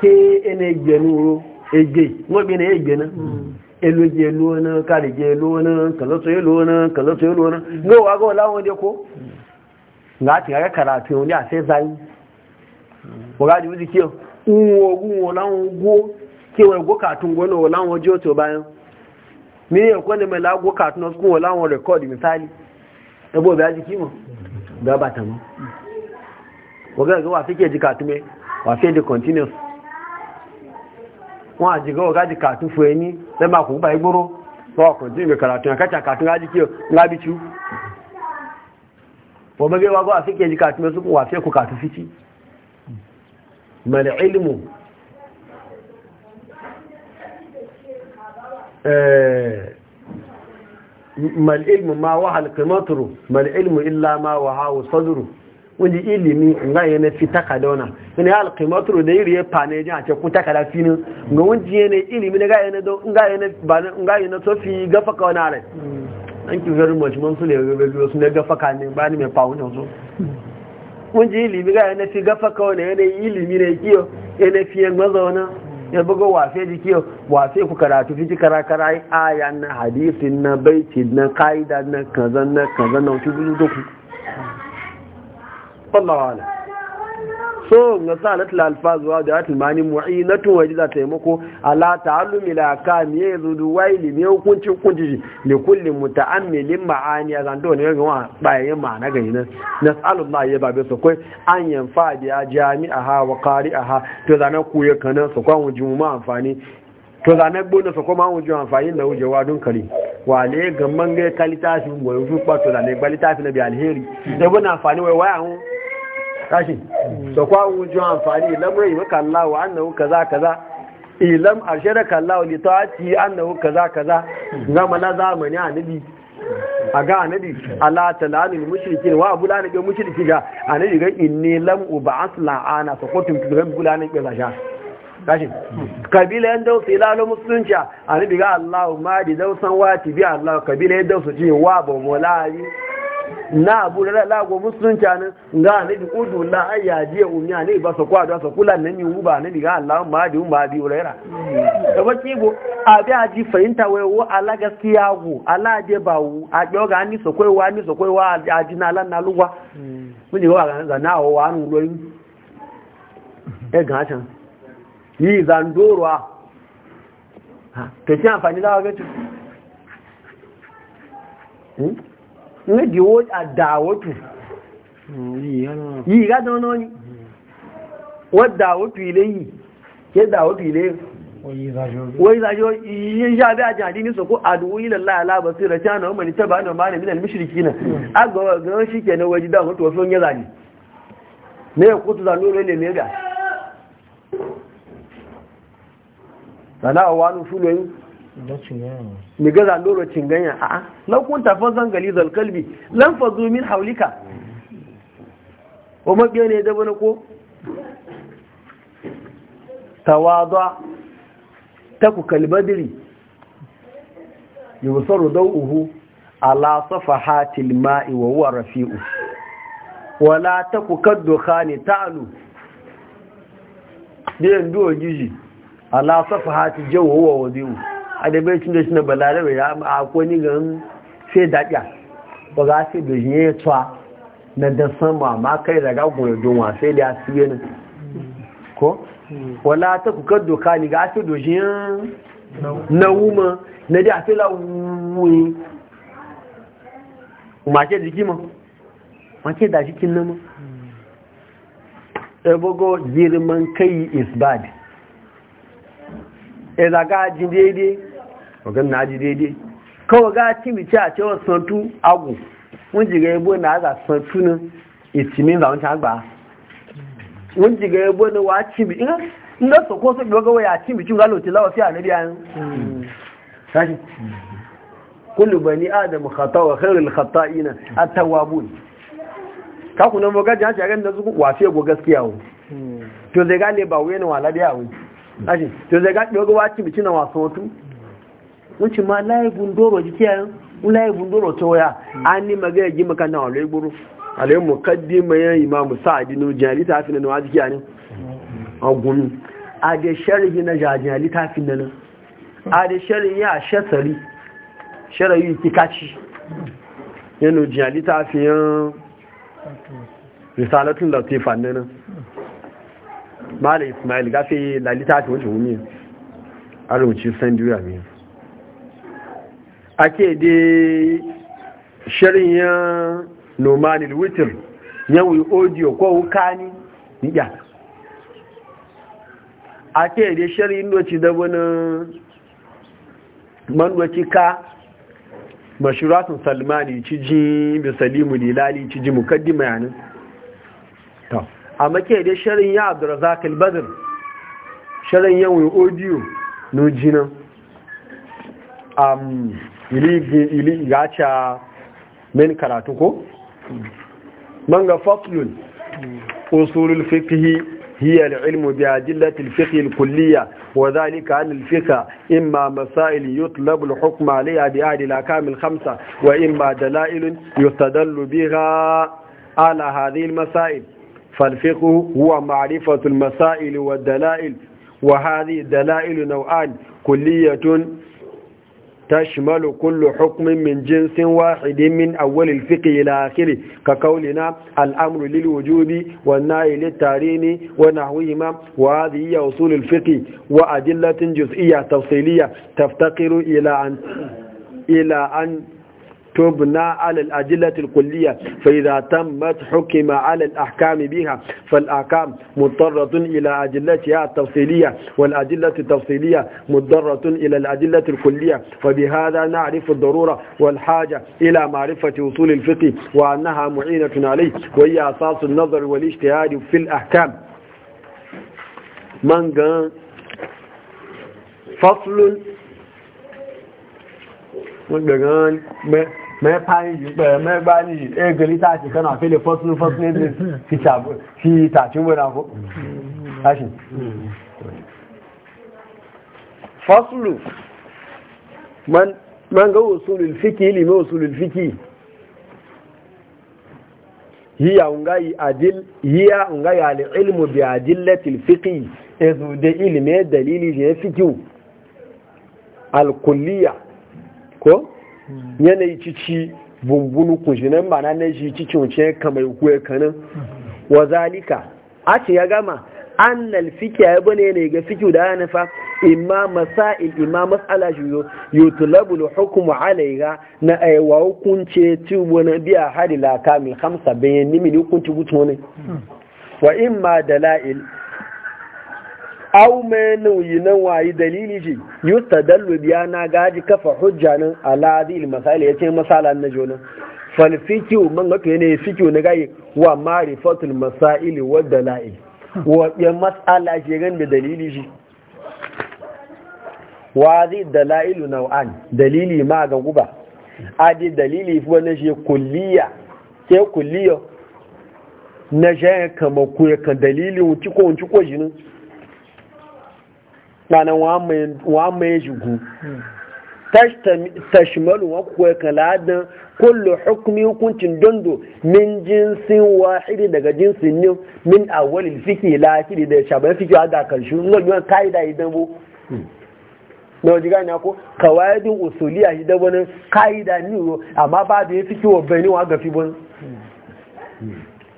ke ene gbenuro ege ngo bi ne ege na hmm. elu je elu na ka le je elu na kala to elu na kala to elu na ngo wa go lawo de ko nga ti ga karatu ni a zai ko hmm. ga ji kiyo un wo un wo lawon go kíwọ̀ ẹ̀gọ́ kàtún gbọ́nà wọ láwọn ọjọ́ tó bá yán ní ẹ̀kọ́ ní mẹ́lá ọgọ́ kàtún ọsùn wọ láwọn rẹ̀kọ́ọ̀dì mìsáàlì ẹgbọ́ ọ̀bẹ̀ ajé kí mọ̀ bẹ́ẹ̀ bàtà mọ́ ọgá ẹ̀gọ́ wà fíkẹ́ ẹ̀dì kàtún mẹ́ wà fíkẹ́ ẹ̀dì continuous wọ́n àjẹgọ́ ọgá di kàtún fún ẹni lẹ́mà kò gbà igbóró lọ́wọ́ continue mẹ́ kàtún àkàtà kàtún ajé kí ńlá bí chú wọ́n mẹ́gẹ́ wà fíkẹ́ ẹ̀dì kàtún mẹ́ sókùn wà fíkẹ́ kàtún fítí mẹ́lẹ̀ ilmu Eh, mal ilmu ma wa halqimatru mal ilmu illa ma wa hawu sadru wani ilimi nga yana fi takada wana ya da yiri ya fane jan ce ku takada finin ga ilimi na gaya na yana very wani ilimi fi gafaka wani yana ilimi kiyo fi ya bugo wase jiki wase ku karatu fiti kara kara yi aya na hadisin na baitin na ka'ida na kaza na kaza na wuce buzu doku Allah so na sa alatul alfazu wa da atul mani mu'inatun wa jiza taimako ala ta'allumi la ka mi yazudu waili mi hukunci hukunci li kulli muta'ammilin ma'ani azan do ne ga wa bayan ma'ana ga yin nas'alullahi ya babe so kai an yanfa biya ha wa ha to zana ku ya kana so kwan wujin mu amfani to zane gbóná sọ̀kọ́ máa ń ojú àǹfààní ìlàwó jẹ wádùn kàrí wà lè gan mọ́ngẹ́ kálítàṣì ne fún pàtó da bi alheri da ẹgbẹ́ amfani wai wẹ̀wẹ́ àwọn tashi to kwa wujo amfani lamra yi maka Allah wa annahu kaza kaza ilam arshadaka Allah li ta'ati annahu kaza kaza zama na zamani annabi a ga Allah ala talanil mushrikin wa abu lanabi mushriki ga annabi ga inni lam ub'as la'ana kotin kuntum tudram bulana ga zasha kashi kabila yan dausu ilalo musulunci annabi ga Allah ma di dausan wati bi Allah kabila yanda su ji wa ba molari na abu da lago musulunci anan ga ne bi kudu la ayyaji umya ne ba su kwadu su kula nan yi uba ne ga Allah ma di umma di uraira da ba kibo a bi aji fahimta wai wo ala gaskiya go ala je ba wu a jo ga ni so wa ni so wa aji na lan na mun wa ga na wa e ga yi ní ìdíwó àdàwótù hmm, yìí gádọ́ náà ni wọ́n dàwótù ilé yìí yẹ́ dàwótù ilé wọ́n ìdájọ́ iye yàbẹ́ àjàdí ní sọ̀kó àdúwó ilẹ̀ láàlábọ̀ rẹ̀ tí a náà mọ̀ ní tẹ́bà náà máa hmm. nìmìnà mìṣìrìkì náà agbọ̀wọ̀ gan ṣì kẹ̀ ní wọ́n jídá àwọn tó fún yẹ́lá ní ẹ̀kú tó mi ga zaloro cinganya a'a lau kun tafi zangali zalkalbi lan fazo min haulika o mabiya ne da wani ko tawadwa ta ku kalbadiri uhu a ala hatil ma'i wa wuwa rafi'u wala ta ku kaddukhani ta'alu, biyan duwa gizi ala hatil jawu wa wadiyu a da bai cin da shi na balarabe ya a koni gan sai daɗiya ba za su da yin tsawa na da sama ma kai daga goyo doma sai da su yi ko wala ta kuka doka ni ga su da yin na wuma na da su la ma mace jiki ma mace da jikin na ma ebogo girman kai is bad e daga jin wagan na ji daidai kawai ga timici a cewar santu agu wọ́n jìgà ẹgbó na àgà santu ní ìtìmí ìlànà tí a gbà wọ́n na wa ni ina á tìmì ko lọ́sọ̀kọ́ sóbi wọ́n gọ́wọ́ yà tìmì tí lálòtí láwọ́ sí àníbí sashi kullu bani adam khata wa khairul khata'ina at-tawwabun ka kuna mu ga jaji ga nan zuku wafe go gaskiya wo to zai ga ne ba wani wala biya wo sashi to zai ga dogo wa timici na wasu wato wuce ma layi bundoro jiki yayin layi gundoro ta waya an ni maga yaji maka na alai guru alai mukaddi mai yan imamu sa'adi no jali ta fi na nawa jiki yayin agumi a da sharhi na jali ta fi na a da sharhi ya shasari sharhi kikaci yanu jali ta fi yan risalatun latifa nan mala ismail gafe lalita ta wuce humi a rubuci sandiyo a miya ake dai shirin ya nomanil witir yawon audio ko wukani ya ake dai shirin noci da wani manwaci ka mashiratun salmani ci ji bisalimu lilali ci ji mukaddi mayanin a make dai shirin ya abdurazak al-badr shirin yawon audio no jinan ili gacha min karatu ko man ga faslun usulul fiqhi hiya al-ilmu bi adillatil al-fiqhi kulliyya wa dhalika an al imma masail yutlab al-hukm 'alayha bi adi akam al-khamsa wa imma dalail yustadallu biha ala hadhihi al-masail فالفقه هو معرفة Dala'il wa وهذه الدلائل نوعان كلية تشمل كل حكم من جنس واحد من أول الفقه إلى آخره كقولنا الأمر للوجود والنهي للتارين ونحوهما وهذه هي أصول الفقه وأدلة جزئية تفصيلية تفتقر إلى أن إلى أن تبنى على الأدلة الكلية فإذا تمت حكم على الأحكام بها فالأحكام مضطرة إلى أدلتها التفصيلية والأدلة التفصيلية مضطرة إلى الأدلة الكلية وبهذا نعرف الضرورة والحاجة إلى معرفة وصول الفقه وأنها معينة عليه وهي أساس النظر والاجتهاد في الأحكام من فصل من mai fayin jiɓe mai bani ɗaya gari ta ce kana fele fosun fosun ne fi tacin wani ko ashin man ga usulul fiki ilimin usulul fiki hiya ungayi adil hiya ungayi al'ilmu bi adillatil fiqi ezu de ilimi dalili je fiqi al kulliya ko yanayi cici bumbunu kujinan ba na shi cikin wuce kamar kuwa kanin wa zalika a ce ya gama annal fiki ya bane ne ga fiki da ya nufa imma masail imma matsala shi yo yutlabu al alayha na aywa hukunce ci wani biya hadila kamil khamsa bayan nimi hukunci gutu ne hmm. wa imma dalail aw men yinan wayi dalili ji yustadallu biya na gaji kafa hujja nan ala hadhihi ya ce masalan na jona fal fiqhu man ga ne fiqhu na gayi wa marifatul masail wa dalail wa ya mas'ala je gan da dalili ji wa zi dalailu naw'an dalili ma ga guba adi dalili fi wannan shi kulliya ke kulliyo na je kama ku ya kan dalili wuci ko wuci ko jinin ɓanan wamaye jugu tashmalu wa kuwa kaladin kullum hukumi hukuncin dondo min jinsin wahidi daga jinsin ne min awalin fiki la da shaban fiki a ga karshe ngol yawan kaida idan bu na wajen gani ko kawaidin usuliya idan wani kaida ni ro amma ba da ya fiki wa bani wa ga fibon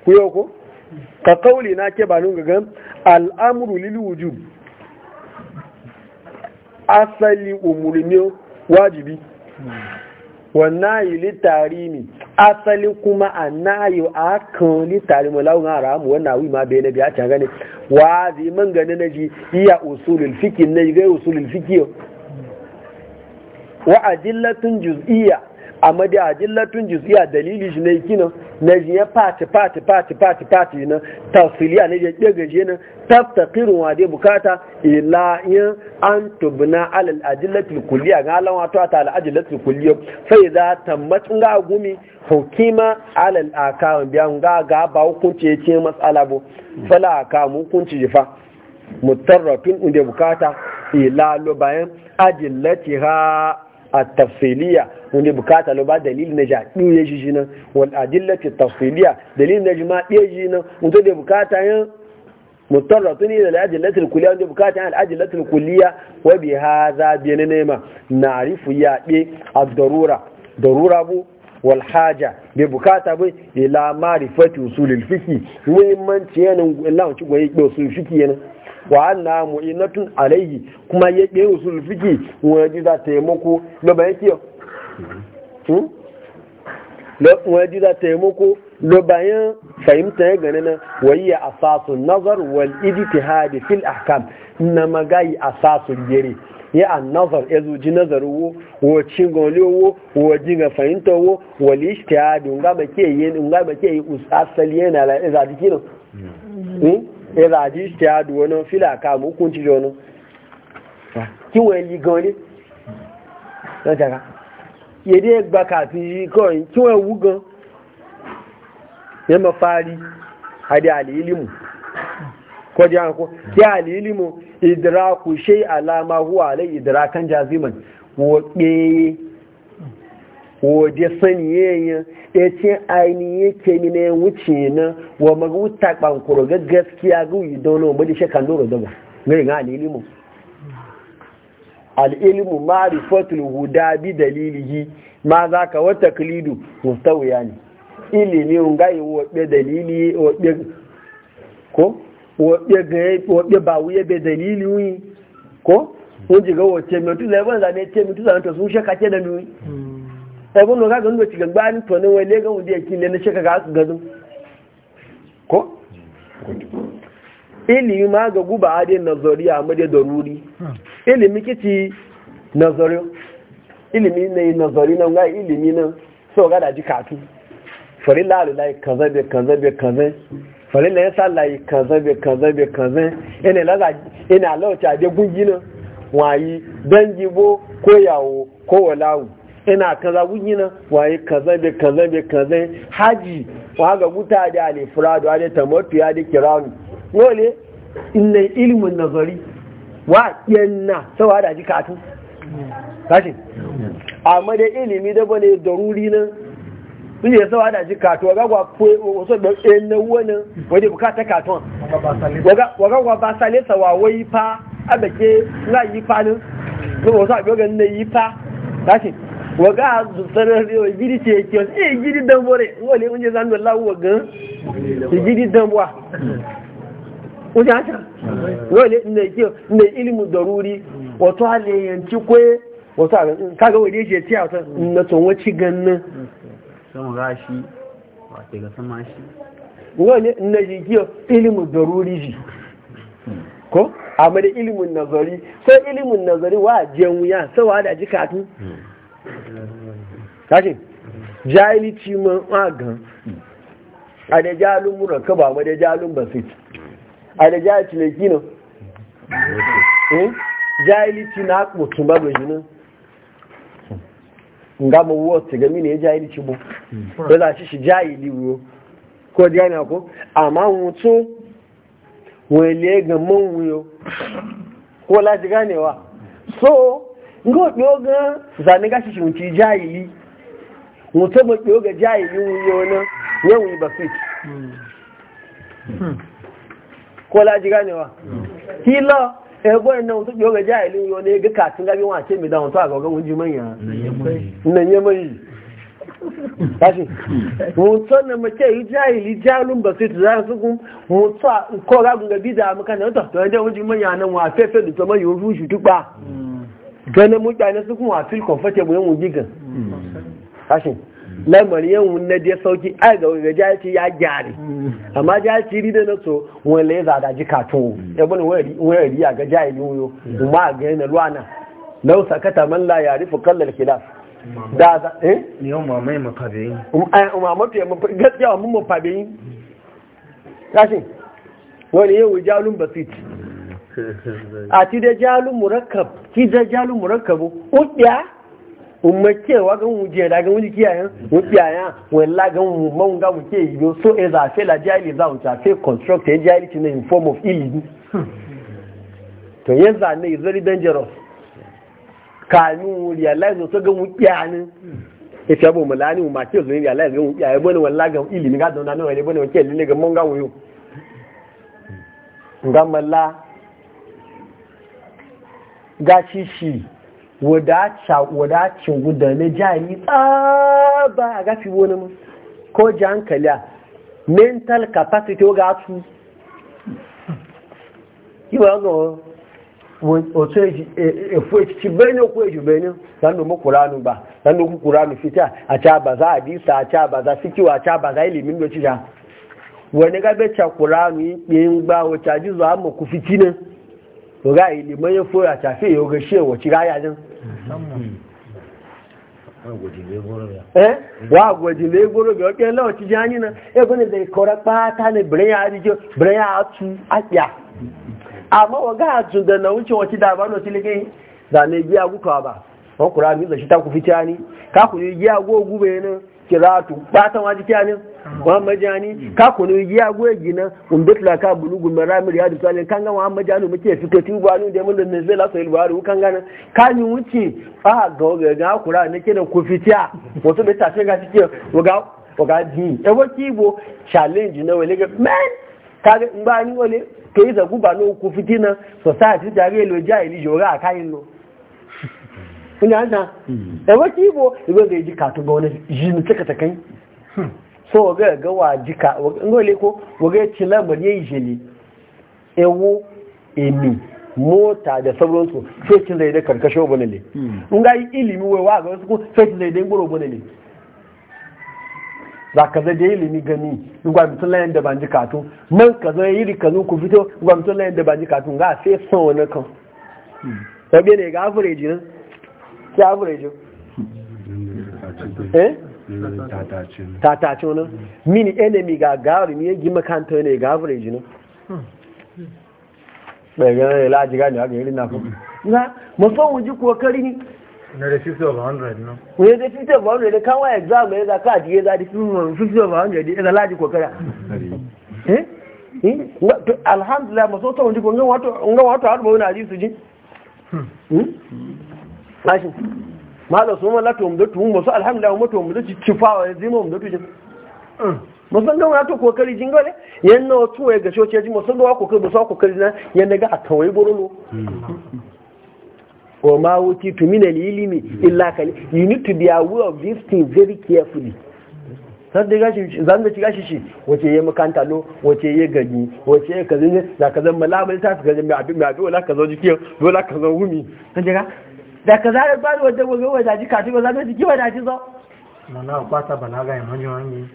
ku yau ko ka kauli na ke ba nun gagan al'amuru lil wujub asali umurni wajibi wannan yi litari ne asali kuma a nayi a kan litari mu launin haramu wannan awi ma bai na biya can gane wa zai man gani na ji iya usulul fikin na gai usulul fikiyo wa ajillatun juz'iyya amma da ajillatun juz'iyya dalili shi ne kinan na jiya fati-fati-fati-fati na tafiliya na jiya ɗagaje na taftakirin wa bukata ila antubna an tubna alal ajillatul kulliya ga alan wato ta al ajillatul kulliya fa idza tammat ga gumi hukima alal akawun biyan ga ga ba hukunci yace matsala bo fala mu hukunci jifa mutarrafin inda bukata ila lo bayan ajillatiha التفصيلية wanda bukata lo ba dalil na ja ɗuye shi shi nan wal adillati tafsiliya dalil na jima ɗuye shi nan wanda da bukata yin mutarra tuni da adillati kuliya wanda bukata yin adillati kuliya wa bi hadha bi nema na'rifu ya bi ad-darura darura bu wal haja bi bukata bu ila muhimmanci yanin Allah wa anna mu'inatun alayhi kuma ya ɗaya usul fiki hmm? wa za ta Lo, wani za ta yi muku bayan fahimta ya gane nan wani ya asasun nazar wal ijtihadi fil ahkam na magayi asasun gere ya an nazar ya e zuji nazarin wo wo cingole wo wo jinga fahimta wo wal ijtihadi nga ba ke yi asali yana la'izadi e kinan ẹ̀rọ àti ìṣẹ́ àdùn ọ̀nà fílà kààmù kún ti yọnu kí wọ́n kí wọ́n wú gan yẹn mọ́ adé àlèélìmù kọjá ń kí àlèélìmù ìdìrà kò ṣe kan jaziman wọ́n waje sani yayin ya ce ainihin yake ni na wuce na wa maguta bankuro ga gaskiya ga yi daunar wani shekan doro daga gari ga alilimu al'ilmu marifatul huda bi dalilihi ma za ka wata kilidu wuya ne ilimin gayi waɓe dalili waɓe ko waɓe ba wuye be dalili wuyi ko wọ́n jìgọ́ wọ̀ tẹ́mi ọdún lẹ́wọ́n ìlànà tẹ́mi tó sàrántọ̀ sún da lẹ́nu Sai no gaga ndo ciga gbani to ne wai lega wuje ki le na shaka ga su gadu ko ilimi ma ga guba adin nazari a made da ruri ilimi kici nazari ilimi ne nazari na ga ilimi na sau ga da jikatu farilla alai kaza be kaza be kaza farilla ya sallai kaza be kaza be kaza ene laza ina lauta de gungi nan wayi dangibo ko yawo ko walawu ina kaza wunyi na waye kaza be kaza be kaza haji wa ga guta da alifrado da tamattu ya da kirani dole inna ilmun nazari wa yanna sawa da katu. kashi amma da ilimi da bane daruri na sun yi sawa da jikatu waga gwa wasu da yanna wani wadda bukata katon waga gwa ba sale sawa wai fa abake na yi fa ne wasu abin ganin na yi fa kashi waga sanar da gidi ce ke eh gidi dambo ne wale unje zan da lawo gan, gidi dambo unje haka wale ne ke ne ilmu daruri wato hale yanci ko wato kaga wale ce ce wato na ton waci ganna san rashi wato ga sama shi wale ne ji ke ilimu daruri ji ko amma da ilimin nazari sai ilimin nazari wa jiyan wuya sai wa da jikatu hmm. jahili jahilci man agan a da jalun muran kaba ma da jalun basit a da eh? jahilci ne jahili jahilci na mutum babu bajinin nga mu wata gami ne ya jahilci bu hmm. ba za shi shi jahili wuro ko jani ko amma mutu wele ga man wuyo ko lati ganewa so ngo doga zane gashi shi munci jahili mutum ba doga jahili wuyo na yawon ba fit ko laji ganewa kila ebo ina mutum doga jahili wuyo ne ga katin wa da a ya na mace yi jahili jahilun ba fit za su kun ko na mutum to manya nan wa ganin mutane su kuma feel comfortable yan wujigan ashin lamarin yan wunna da ya sauki a ga ga jaci ya gyare amma jaci rida na so wani ya da ji kato ebe ni wani ya ga jayi yoyo kuma ga yana luwana na. sakata man la ya rufe kallar khilaf da za eh ni yau mamai mafabeyin umamatu ya mafabeyin um, um, gaskiya mun mafabeyin kashin wani yau wujalun basit a ti da jalu murakkab ti da jalu murakkabu ubiya umma cewa ga mu da ga mu kiyaye mu kiyaye mu mun ga mu ke so e za fe la jali za mu fe construct e jali tin in form of ilimi to yanzu ne is very dangerous kanu so mu kiyaye ife e abu mulani mu mace zo ya lai ya ga bane ga mun ga wuyo gashi shi wadacin gudanar jami ba a gafi wani mu ko ji hankali a mental capacity ga su iwa ga otu efu e, e echichi benin okwu eju benin zanu mu kuranu ba zanu okwu kuranu fiti a ca ba za a bisa a ca ba za fikiwa a ca ba za ilimin doci wani gabe ca kuranu ikpe ngba wacce ajizu amma ku fitinan ga yi liman ya fura tafi yau ga shi wace gaya din eh? wa gwajin da ya goro ga wakil lawaci jihani na ya e gani da ikora kpata ne birin ya ajiye ya atu akiya amma wa ga ajun na wuce wace da ba noti lege zane biya gukawa ba wọn kura da shi ta ku fitani ka ku yi giya go gube ne kiratu batan waji kiyani Muhammad Jani ka kunu giya goye gina umbet la ka bulugu maramir ya dusale kan ga Muhammad Jani muke fito ti gwanu da mun da ne zai la sai buhari kan gana kan yi wuce a ga ga ga kura ne kina ku fitiya wato bai tafi ga wa ga ga ji e wo bo, challenge na wele ga men, ka ga ngba ni wole ke za ba no ku fitina society da ga lo ja ili jora kayin lo ina da yawa zai ga wani jini ta kai hmm. so waga ga wa jika waga ko waga ci lamar yi jini ewu emi mota da sauransu sai cin zai da karkasho bane le hmm. in ga ilimi wa wasu ko sai zai da goro bane za ka zai da ilimi gani mutum mutum layan da ban jika tun kí average o tatace wani mini enemy ga ne gima makanta ne ga average ne bai gane da laji gani na kuma na mafan wuji kokari ne na da 50 of 100 no da 50 exam ya za ka diye za da 50 of da laji kokari eh, eh? alhamdulillah maso ta wuji ko ngan wato ngan wato har su ji hmm. Hmm? tashi mala su ma lato mu mu alhamdulillah mu to mu zima mu kokari jin gole yan na wato ya ga shoce kokari kokari na yan daga a kawai borolo wa ma wuti to illa kali you need to be aware of very carefully da gashi zan da gashi shi wace yayi makanta lo wace yayi gani wace yayi kazin da kazan ta kazan mai abin mai abin wala jiki wala kan ga da ka zarar ba wajen gobe wadaji kafin ba za ta jiki wadaji zo mana kwata ba na gaya manyan hanyoyi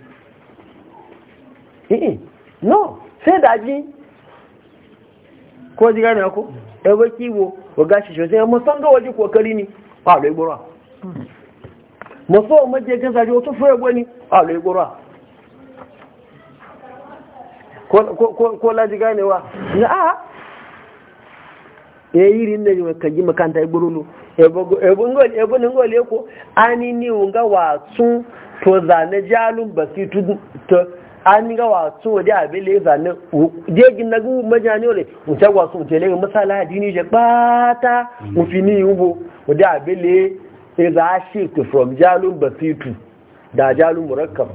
eh, eh no sai daji ko ji gane ko mm. ɗaya ba kiwo wa gashi shi sai musan ga waje kokari ne a lai gura musamman majiyar kan sajo wasu fura gwani a lai gura ko laji ganewa na a ya eh, yi rin da kaji makanta iburulu ebun ngole ko ani ni nga watsu to zane jalun basi to an ga watsu da abele zane je gin na gu majani ole mu ta watsu je le misala hadini je bo, mu fini yubo da abele e za shi from jalun basi tu da jalun murakkab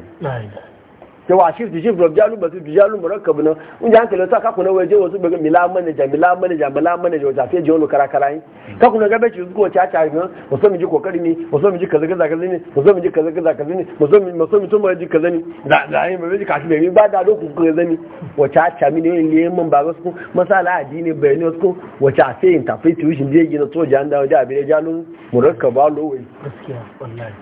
cewa shift shift rob jalu basu jalu murakkab nan in ji hankali ta kakuna waje wasu baga mila manaja mila manaja mila manaja wata fiye jiwon kara kara yi kakuna gabe ci zuwa ta ta ga wasu mu ji kokari ne wasu mu ji kaza kaza kaza ne wasu mu ji kaza kaza kaza ne wasu mu wasu mu tuma ji kaza ne da da yi mu ji kashi ne ba da doku kaza ne wata ta mi ne ne mun ba su masala addini bayani su wata sai interpret je gina to jan da da bi jalu murakkab allo gaskiya wallahi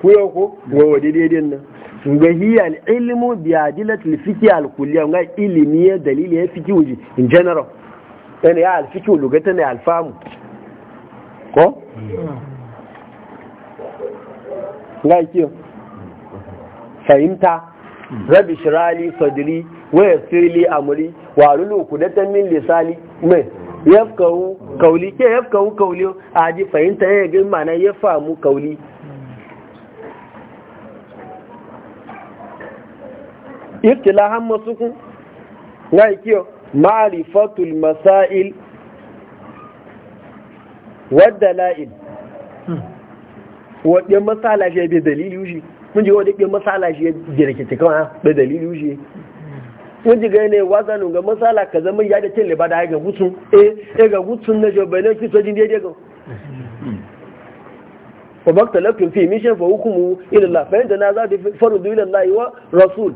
ku yau ko wa daidai nan nga hiya al-ilmu bi adilati al-fiqh al-kulliya nga ilimi ya dalili ya fiqh wuji in general yana ya al-fiqh lugatan ya al-famu ko nga kiyo fahimta rabi shirali sadri wa yassirli amri wa lulu kudatan min lisani mai yafkahu kauli ke yafkahu kauli aji fahimta ya ga na ya famu kauli iftilahan masukun na ikiyo ma'arifatul masail wadda la'il wadda masala shi be dalili wuce mun ji wadda masala shi ya jirkita kawai bai dalili wuce mun ji gane wazanu ga masala ka zama ya da liba ga gutsun eh, eh ga gutsun na jobanin kisojin daidai ga وبقت لكم في ميشن فهكموا na الله فإن تنازعت فرضوا wa rasul?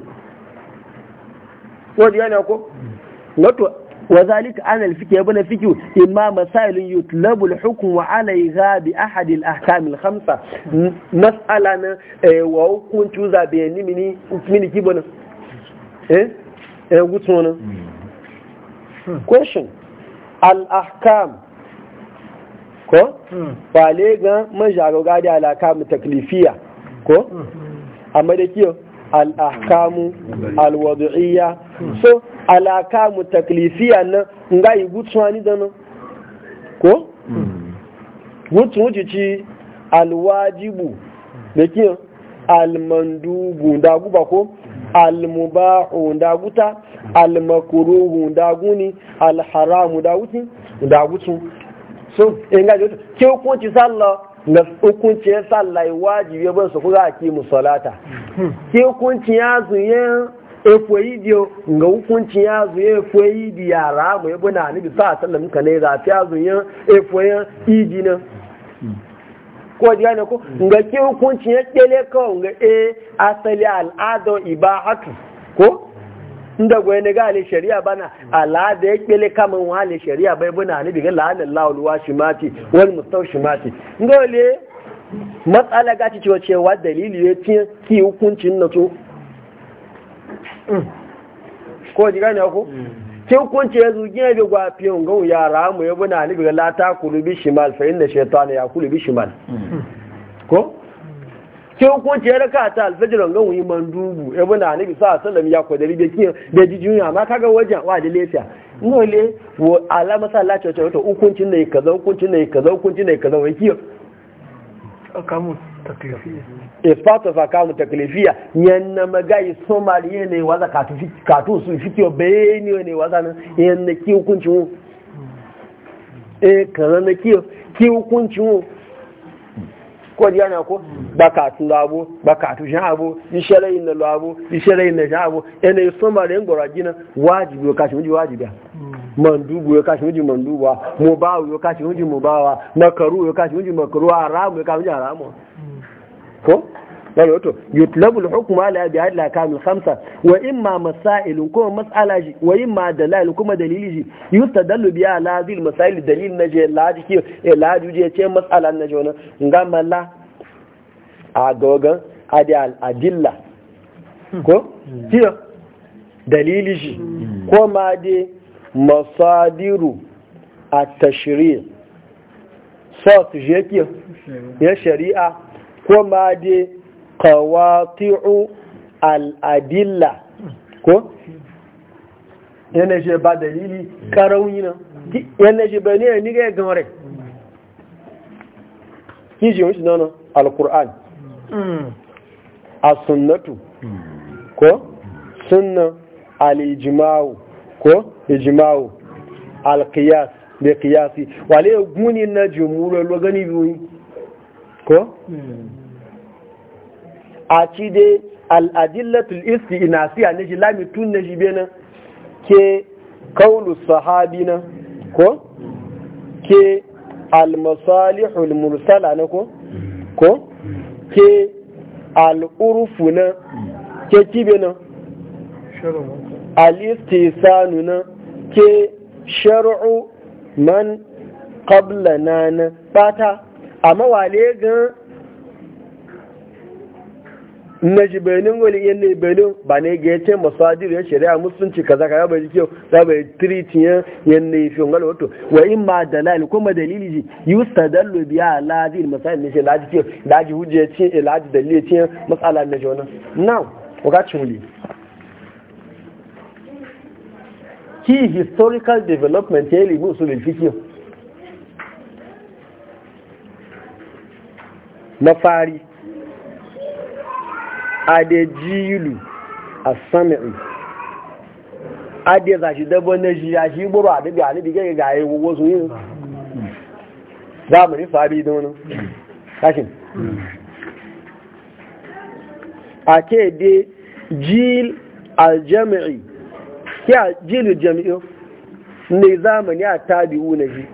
ko ji yana ko wato wa zalika an alfiki yabna fiki imma masailun yutlabu alhukm wa alayha bi ahad alahkam alkhamsa mas'ala na eh, wa hukuntu za be ni mini mini kibona eh eh gutsona question al'ahkam ko? fale gan man shago al al'akam taklifiya ko? Hmm. amma da kiyo al'akamu alwadu'iyya so al'akamu taklifiya na nga yi gutsu wani dana ko? gutsu wuce ci alwajibu da kiyan almandubu da guba ko almubahu da guta almakuruhu da guni alharamu da gutin da gutsun so in gaji ki hukunci sallah na hukunci ya sallai wajibi ban su kuga ake musalata ke hukunci ya zuye yi diyo ga hukunci ya zuye efoyi di ya mu yabo na nabi sa sallam ka ne za ta zuye efoyin idi nan ko diya ne ko ga ke hukunci ya kele kawo ga e asali al'ado ibahatu ko inda gwaye ne ga alin shari'a bana ala da ya kele kamun wa alin shari'a bai buna ne biga la'anin la'ulwa shi mati wal mustau shi mati ngole matsala ga ci cewa cewa dalili ya ci ki hukuncin na so ko ji gane ko ki hukunci ya zugi ne bi gwafiyon ga yara mu ya buna ne biga la ta kulubi shimal fa inna shaytan ya kulubi shimal ko ke hukunci ya raka ta alfajiran gan wuyi man dubu ebe na anabi sa sallam ya kwadari da kiyan da jijiyun amma kaga wajen wa da lafiya nole wo alama sa lati wata wata hukuncin ne kaza hukuncin ne kaza hukuncin ne kaza wai kiyo akamu taklifiya is part of akamu taklifiya yanna magayi somali ne waza katu katu su fitiyo bayani ne waza nan yanna ki hukuncin kaza kiyo ki hukuncin ko ji yana ko ba katun da abu ba katun shan abu yi sharayin na lo abu yi sharayin na shan abu yana yi soma da yin gwara gina wajibi ya kashi miji wajibi mandubu ya kashi miji mandubuwa mubawu ya kashi miji mubawa makaru ya kashi miji makaru haramu ya kashi miji haramu ko dan wato yutlabu al-hukm ala bi hadla kamil khamsa wa imma masail kuma mas'ala ji wa imma dalail kuma dalili ji yustadallu bi ala hadhihi al-masail dalil naje laji ki e laji je ce mas'ala naje wannan ngamalla a gogan adi al-adilla ko tiyo dalili ji ko ma de masadiru at-tashri' sort je ki ya shari'a ko ma de qawati'u al-adilla ko yana shi ba dalili karauni na. yana shi ba ne ni ga gamare kiji wuce nan al-qur'an hmm. as-sunnatu ko sunna al-ijma'u ko Ijimawu. al-qiyas bi qiyasi wale guni na jumhur lo gani biyu ko a ci dai al'adillatul isti ina siya na shi lami tun na shi benin ke kaulu sahabi na ko ke almasalihul mursala na ko ko ke al'urufu na ke kibe na Sanu na ke shar'u man qabla na na ɓata, amma wale gan na ji wani yan ne benin ba ne ga yace masadir ya shari'a musulunci kaza kaza bai kiyo za bai triti ya yanne fi ngal wato wa in ma dalal ma dalili ji yustadallu bi ala dil masail ne laji kiyo laji hujje ce laji dalili ce masala ne jona now ga wuli ki historical development ya ilimin usulul fiqh na fari adejilu asami'u ade za shi dabo na shi ya shi buru a dabi a nabi gaga ga yayin gogo sun yi zamani mu rufa bi da wani kashin a ke de jil aljami'i ya jil jami'i ne zamani a tabi'u na shi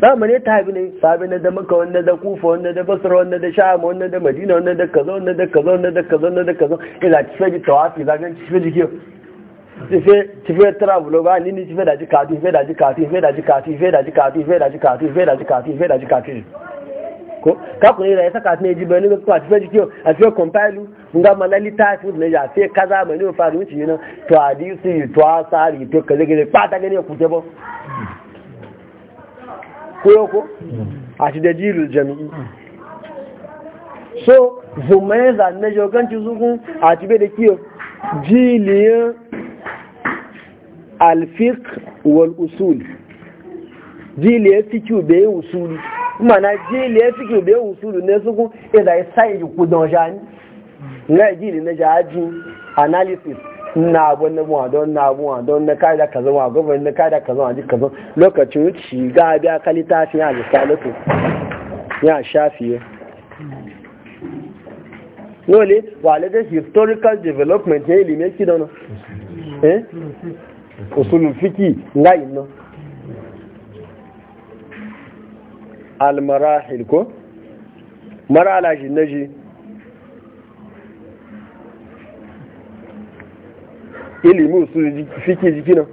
zama ne ta haifi ne sabi na da maka wanda da kufa wanda da basra wanda da sha'am wanda da madina wanda da kaza wanda da kaza wanda da kaza wanda da kaza ila ci fe tawafi zagan ci fi jike ci fi ci fe travel ba ni ni ci fe da ji kati fe da ji kati fe da ji kati fe da ji kati fe da ji kati fe da ji kati fe da ji kati ko ka ku ne da yasa kati ne ji bani ko a ci fe jike a ci compile mun nga malali ta ci ne ya fi kaza bani fa mu ci ne to adisi to asari to kaje kaza pata gane ku je ba kuyoko a ti jirin jami'i so zumayen zane joganci zukun a ti bai da kiyo jiliyan alfik wal usul jiliyan fikiyu bai usuli mana jiliyan fikiyu bai usuli ne suku idan ya sa iji kudan jani na jili na jaji analysis na abu na muwa don na buwa don na kai da kaza wa gwamnati na kai da kaza wa jika zo lokacin shiga ga biya kalita tafi ya lissa lokacin ya shafiye lole wale da historical development ya ilimin ki don eh usulun fiki no. ino almarahil ko marala shi na ji. ilimin su fike nan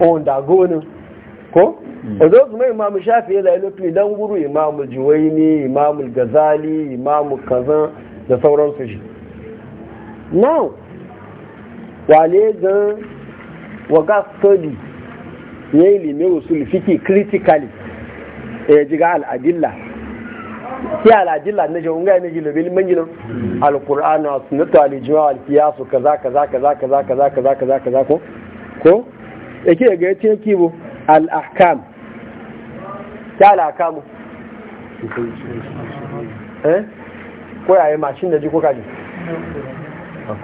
on dago nan ko wazo mm. su mai imamu shafi ya zai lotu idan guru imamu juwaini imamu gazali imamu kazan da sauransu shi now wale don waga study ya yi ilimin su fike critically ya jiga al'adillah sai alajilla na jawon gaya na gilo bil mangino alqur'ana sunnatu alijma alqiyasu kaza kaza kaza kaza kaza kaza kaza kaza ko ko ga yace kibo ta al'akamu eh ko mashin da ji ko kaji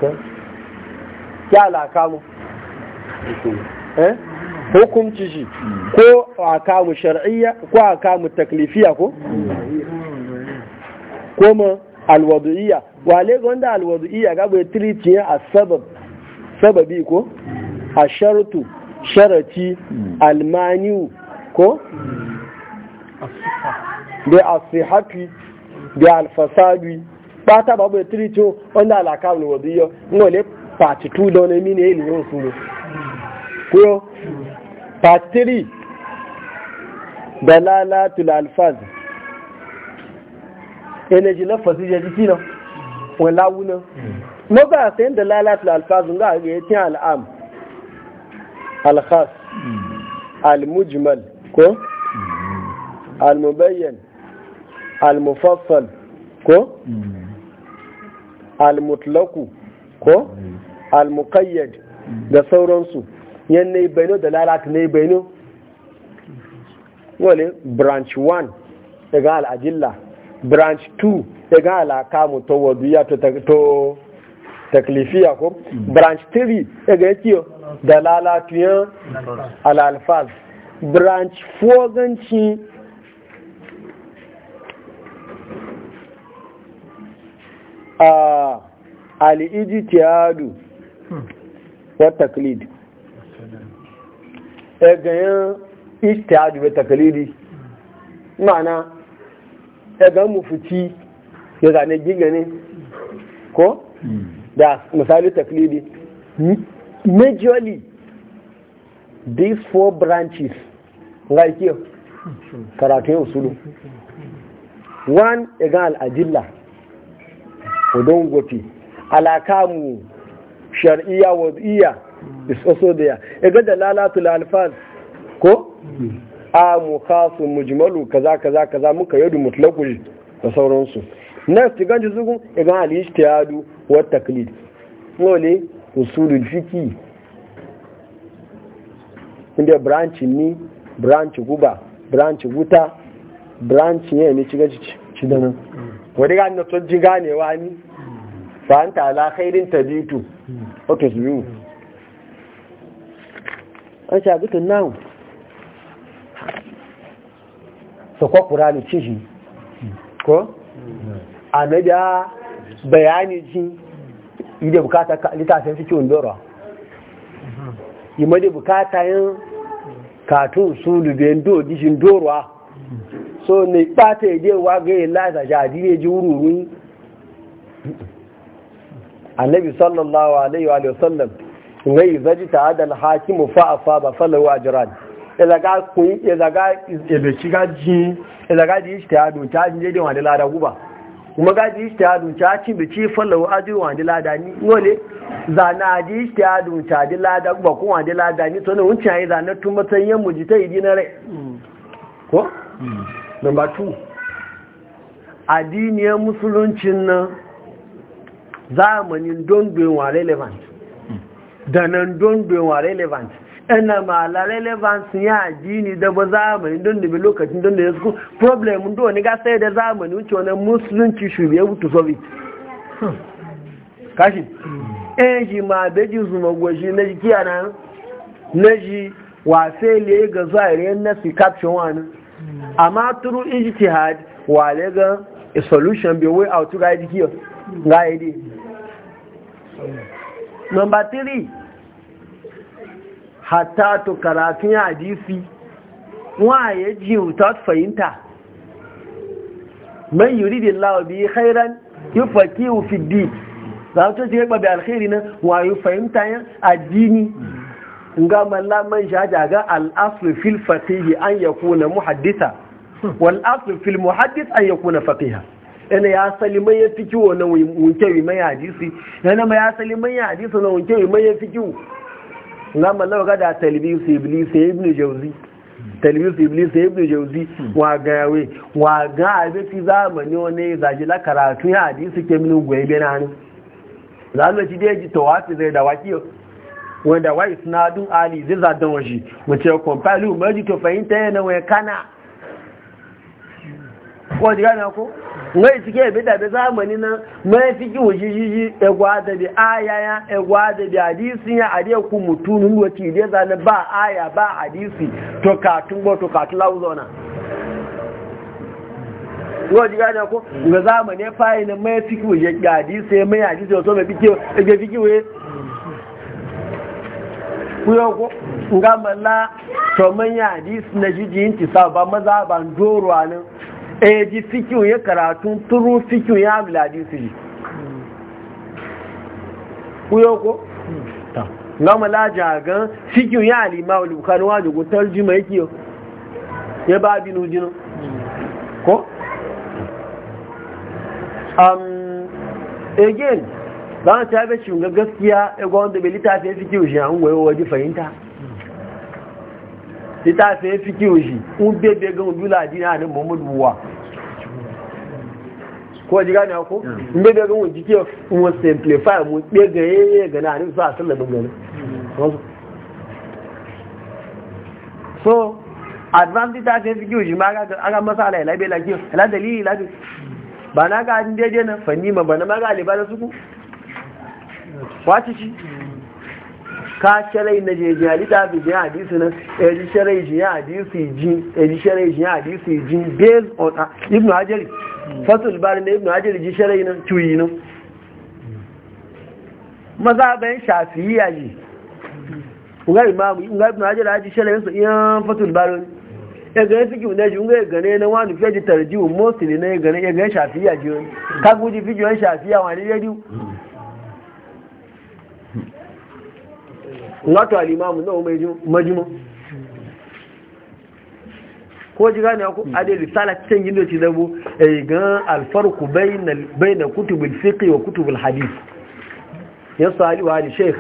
ta eh? shi ko akamu shar'iyya ko akamu taklifiya ko koma alwadu'iyya wale gonda alwadu'iyya ga bai tirici a sabab sababi ko a sharutu sharati hmm. almaniu ko da asihati da alfasadi ba ta ba bai tirici wanda alaka alwadu'iyya part 2 da wani e mini ilimin e su ne ko hmm. patiri dalalatul alfazi energy na fasije jiki na wala wọ́n láwú náà nọ́gbà àti ẹ̀ndẹ̀ alfazun alfáàzù ga yatin tí àlàáàmù alhass alimujimal kó alimubayyan al kó al kó alimukayyad da sauransu yẹn na ibẹ̀nu da sauransu na ibẹ̀nu wọ́n lalata branch 1 ẹgbẹ́ e al branch 2 daga alaka mu to waduya to taklifiya ko branch 3 daga yake da lalatuyan al'alfaz branch 4 ganci a al'iji tiyadu wata klid ɗagayen istiyadu wata klidi ma'ana ga mu fuci ya zane giga ne ko da misali taklidi majorly these four branches like here karatu yau sulu one egan al'ajilla don gofi alakamu shar'iyya iya, is also there egan da lalatul alfaz ko amu khasu mujmalu kaza kaza kaza muka yadu mutlaqu da sauransu next ganji zugun igan al ijtihadu wa taqlid ngole usulul fiqi inda branch ni branch guba branch guta branch ne ne gaji ci dana wani ga na tsoji ganewa ni fa'anta ala khairin tabitu wato su biyu an gutun nan. su kwa ce shi ko? a na da bayani shi yi da bukata littafin suke wundora yi ma da bukata yin katun su lubin dojishin dora so ne ɓata ya je wa ga yin lasa jadi ne ji wururun annabi sallallahu alaihi wa sallam ngai zaji ta adal hakimu fa'afa ba falawa jirani ezaga kun ezaga ebeci gaji ezaga di ishte adun lada guba kuma ga di ishte adun lada ni ngole di ishte adun lada tun matsayin mu ta idi rai ko musuluncin nan zamanin don doyin wa relevant danan don wa relevant ina la relevance ya addini da ba zamani don da bi lokacin don da ya suku problem do ni ga sai da zamani wuce wannan musulunci ya wutu sobi hmm. kashi hmm. eh ji ma da ji ma gwaji na ji kiyana na ji wa sai le ga zaire na si caption wani hmm. amma turu ijtihad wa le ga a solution be way out ga ji kiyo ga yi number 3 hatta to karatun hadisi waye ji ta fahimta man yuridillahu bi khairan yufaqihu fi din za ta ce ba bi alkhairi na waye fahimta yan addini Nga malla man shaja ga al-asl fil faqih an yakuna muhaddisa wal asl fil muhaddis an yakuna faqiha Ina ya salimai ya fi kiwo na wunke mai hadisi yana ma ya salimai ya hadisi na wunke mai ya fi kiwo lamma lawa ga da talbis iblis ibn jawzi talbis iblis ibn jawzi wa gawe wa ga abi fi zamani wani zaji la karatu ya hadisi ke min goyi be nan zamu ci deji tawafi zai da wakiyo wanda wa isnadun ali zai zadan washi wace compile maji to fahimta yana wai kana ko diga na ko ngai cike ebe da zamani na mai fiki wujiji egwa da aya ya egwu da bi hadisi ya ade ku mutunun a da zane ba aya ba hadisi to ka tumbo to ka tlauzona ko ji gane zamani fayi nan mai fiki wujiji hadisi mai hadisi to mai na jijin ti maza eh ji fikin ya karatu turu fikin ya amiladi su ji kuyo ko? ta gama laja gan fikin ya alima olubukari wajen gutar ji mai yau ya ba binu jinu ko? um again ba a ta yabe shi gaskiya ya gwamnati bai littafi ya fikin shi an gwayo waje fahimta littafin fiki shi un bebe gan dula dina ne muhammadu wa ko ji gane ko hmm. un bebe gan wani jike un simplify mu bega yeye gana ne So, a sallamin gani so advantage ta sai fiki shi ma aga masa ala ilabe lafiya ala dalili lafi ba na ga daidai na fanni ma ba na ma ga alibar suku kwaci shi ka sharai na je jihadi ta fi jiya hadisi na eji shirai jiya hadisi ji eji sharai jiya hadisi ji based on ibn hajar fasul bari na ibn hajar ji shirai na cuyi na maza bayan shafiya yi unga imamu unga ibn hajar haji sharai su iya fasul bari ya e gane suke wuna ji unga e gane na wani fiye ji tarjiwa mostly na ya e gane ya gane shafiya ji wani ka guji fijiyon shafiya wani rediyo wato alimamu na umar majimo ko ji gane ku a da risala cikin gindo ci zabo a yi gan alfarku bai na kutubul fiqi wa kutubul hadith ya sali wa ali sheikh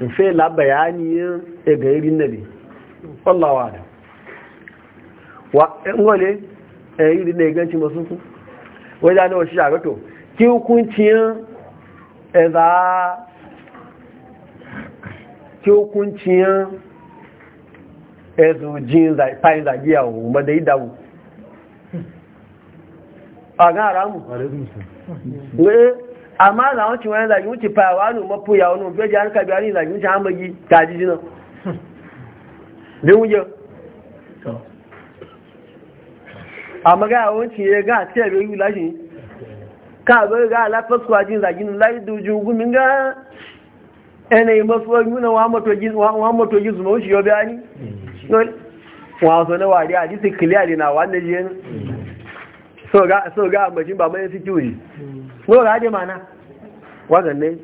in fe la bayani ya e ga irin nabi wallahi wa da eh, wa ngole yi eh, irin ne ganci masu ku wai da ne wa shi a gato ki hukuncin eh, za tí ó kún tí yán ẹ̀sùn jín páyín zàgí àwọ̀ mọ́dé ìdáwò ọ̀gá ara mù pé a máa làwọn tí wọ́n zàgí wọ́n ti pa àwọn àrùn ìyàwó náà fẹ́ jẹ́ àríkàbí àrí ìzàgí tí yẹ gá ẹnà ìmọ́sọ́ ìmúnà wọn mọ́tò jízu a ń ṣe yọbí áni wọn sọ náà wà rí àdísì kìlẹ̀ àdínà wà ní jẹ́ sọ́gá àmọ̀ṣí bàbá yẹn sí kí òyì wọ́n rà na wọ́n kàn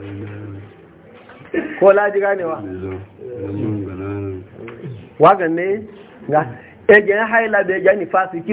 ní ko laji ganewa mm. wagan ne ga egen haila da fasiki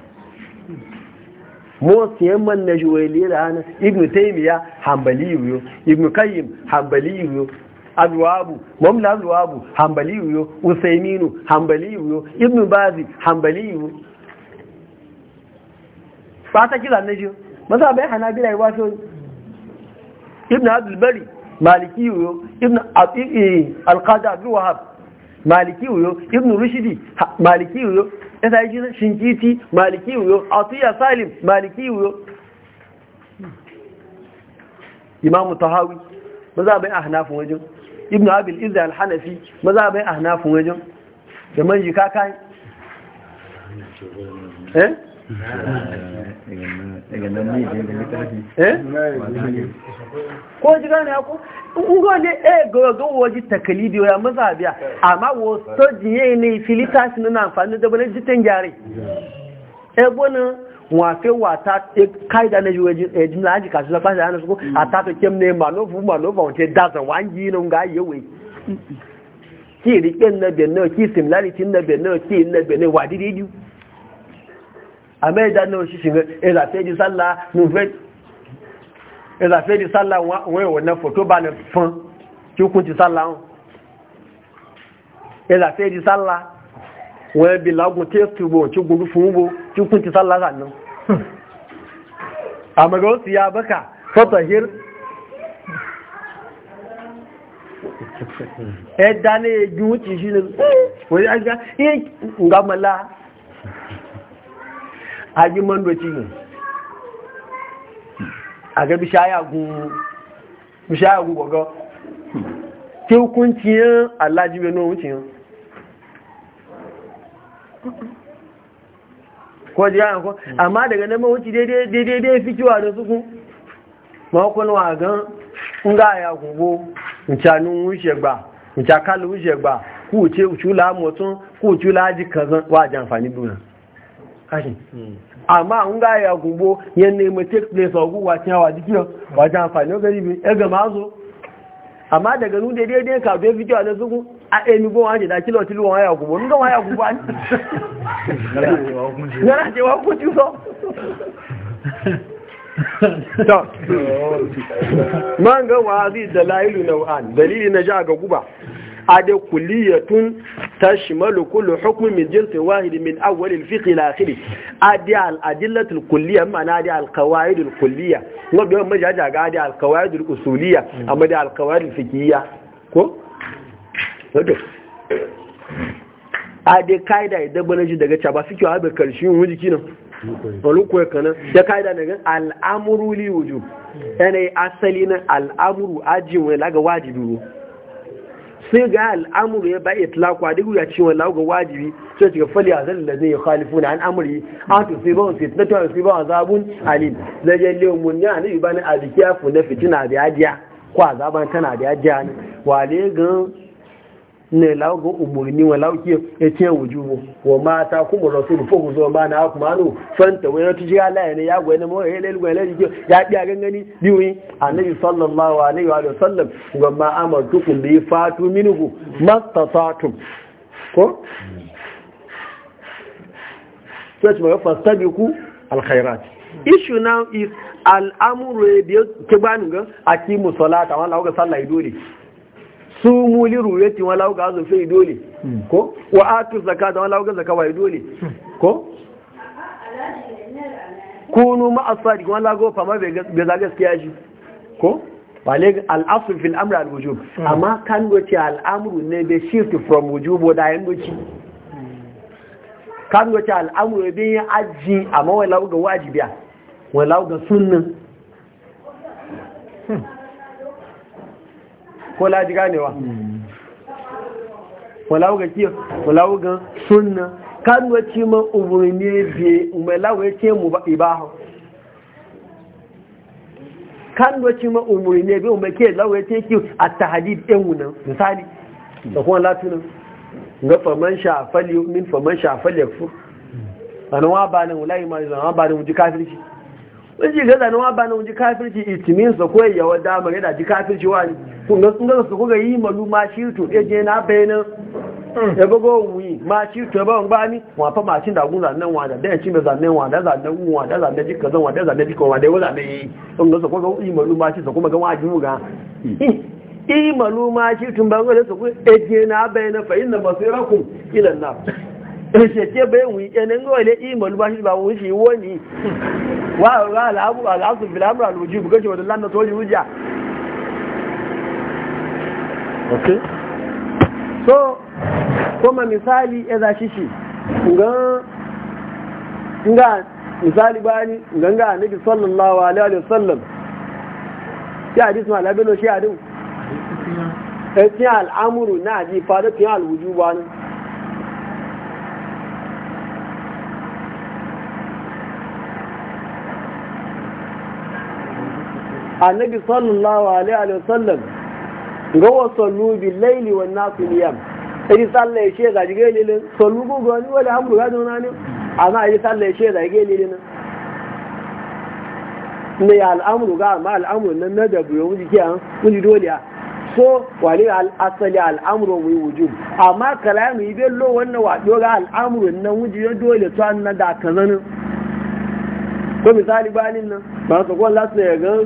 most yamman na juwailira ana ibnu taymiya hanbali yo ibnu qayyim hanbali yo alwabu mamla alwabu hanbali yo usayminu hanbali yo ibnu bazi hanbali yo fata kila na jo maza bai hanabila yi wato ibnu abdul maliki yo ibnu eh, al qadar abdul wahab maliki yo ibnu Rushidi, maliki yo ya sa shi shinkiti maliki wuyo atiya salim maliki wuyo imamu tahawi maza bai ahnafin wajen ibn abil izza al-hanafi maza bai ahnafin wajen da manji kakai eh ko ji gane ku ngo ne e gogo woji takalidi ya mazabiya amma wo to jiye ne filita sun na amfani da bane jitan gyare e gona wa fe wa ta e kaida ne juwe e jimla aji kasu la ba da nasu ko ata to kem ne ma no fu ma no ba won te da zan yi no ga yewe ki riken na benno ki similarity na benno ki na benno wa didi àmẹ́ ìdáná òṣìṣẹ́ ìràfẹ́dì sálà wọ́n ìwọ̀n náà fòtó bá ní fún tí ó kún ti sálà hàn ìràfẹ́dì sálà wọ́n ẹbí lágùn tí ó túbò tí ó gúnrú fún wó tí ó kún ti sálà sànà àmàgà ó ya bẹ́kà fọ́tọ̀ hír ẹ̀dá ní ẹjú ti ṣí hajji mandoci ne a ga bishayagun gwagwa tí ó kún tí yán alájíwé náà tí yán ko jẹ́ daga náà mọ́ ti dédé fi kíwà da sukun mọ́kúnnà àgán ń gá àyàkùn bó ìtànú ń ṣẹgbà ìtàkálù ń ṣẹgbà kúù tí ó láàmù ọ̀tún kúù tí ó láàájí kashin hmm. amma an ga ya gubo yan nemi take place a guguwa cewa wa dikiyar wajen amfani gari bi ya gama zo amma daga nude da daidai ka bai kyau na nasu a emi go wanje da kilo tilo wa ya gubo nuna wa ya gubo an yana [LAUGHS] cewa ku ci so ta man ga wa zai dalilu nau'an dalili na ja ga guba ade kuliyatun tashmalu kullu hukmin min jinsi wahid min awwal al-fiqh ila akhirih ade al-adillah al-kulliyah ma'ana ade al-qawaid al-kulliyah ngo bi ma jaja ga ade al-qawaid al-usuliyah amma ade al-qawaid al-fiqhiyah ko ade ade kaida da banaji ji daga caba fiqh wa bai karshe wuri kinan balukwai kanan da kaida daga al'amuru li wujub yana asali na al'amuru ajin wani laga wajibi sai ga al'amuru ya ba itlaku a duk ya ce wallahu ga wajibi sai shiga fali azal da zai khalifu na al'amuri a to sai ba sai tata sai ba azabun alim da jalle mun ya ne ba ni azikiya na fitina da yajiya kwa azaban tana da yajiya ne wale gan ne lawo umarni wa lawo ke ya ce wujubu wa mata kuma rasulu ku zo ma na kuma anu fanta wai na tuji ala ya ne ya gwai na mawa ya lelu gwai lelu ya biya gangani biyu annabi sallallahu alaihi wa sallam ga ma amartukum bi fatu minhu mastasatum ko sai ma fastabiqu alkhairat ishu now is al'amru bi kibanu ga akimu salata wala ga sallah dole su muli ruyati wani lauka azu fi dole hmm. ko wa atu zaka da wani lauga zaka wai dole hmm. ko kunu ma asadi wani fa ma bai za gaskiya shi ko wale al'asul fil amr al wujub hmm. amma kan goce al'amru ne be shift from wujub da yan goce kan goce al'amru be yin aji amma wani lauka wajibiya wani lauka sunnan ko laji ganewa walawo ga kiyo walawo ga sunna kan wace ma umarni biye mai ya ce mu ibahu kan wace ma umarni biye umarke ke ya ce kiyo a tahadid ɗin wunan misali da kuma latunan ga faman shafal min faman shafal yakfur sanan wa ba nan wala ma sanan wa ba nan wuji kafirci ji gaza na waba na wuji kafirci itimin su kawai yawa damar yana ji kafirci wa ne kuma sun gaza su kuka yi malu ma shi to ɗaya je na bayanin ya gogo wuyi ma shi to ya bawan bani wafa ma cin dagun zanen wa da yanci mai zanen da zanen wa da zanen jika zan wa da zanen jika wa da yawa zanen yi sun gaza kuka yi malu ma shi sa kuma gama wajen wuga yi malu ma shi tun ba gaza su kuka ya je na bayanin fa'in na basirakun ilan na. Ṣèké bẹ́ẹ̀ wù í ẹni ń gọ́ ilé ìmọ̀lú bá ṣe bá wọ́n ṣe wọ́n ni wa wa al'abu al'asu bil amr al wujub gaje wa dallan to li wuja so kuma misali ya za shi shi nga misali bani ganga annabi sallallahu alaihi wasallam ya hadis ma labelo shi adu eh ti al'amuru na ji fa da ti al wujuba ne annabi sallallahu alaihi wa sallam ga wa sallu bil laili wan nasil yam sai sallai yake ga jige lilin sallu go ni wala amru ga dona ne ana yi sallai yake ga jige lilin ne al'amru ga ma al'amru nan na da buyo wuji kiyan wuji dole ya so wani al amru wai wujub amma kalamu yi bello wannan do ga amru nan wuji dole to an da da kazanin ko misali banin nan ba su ko Allah sai ga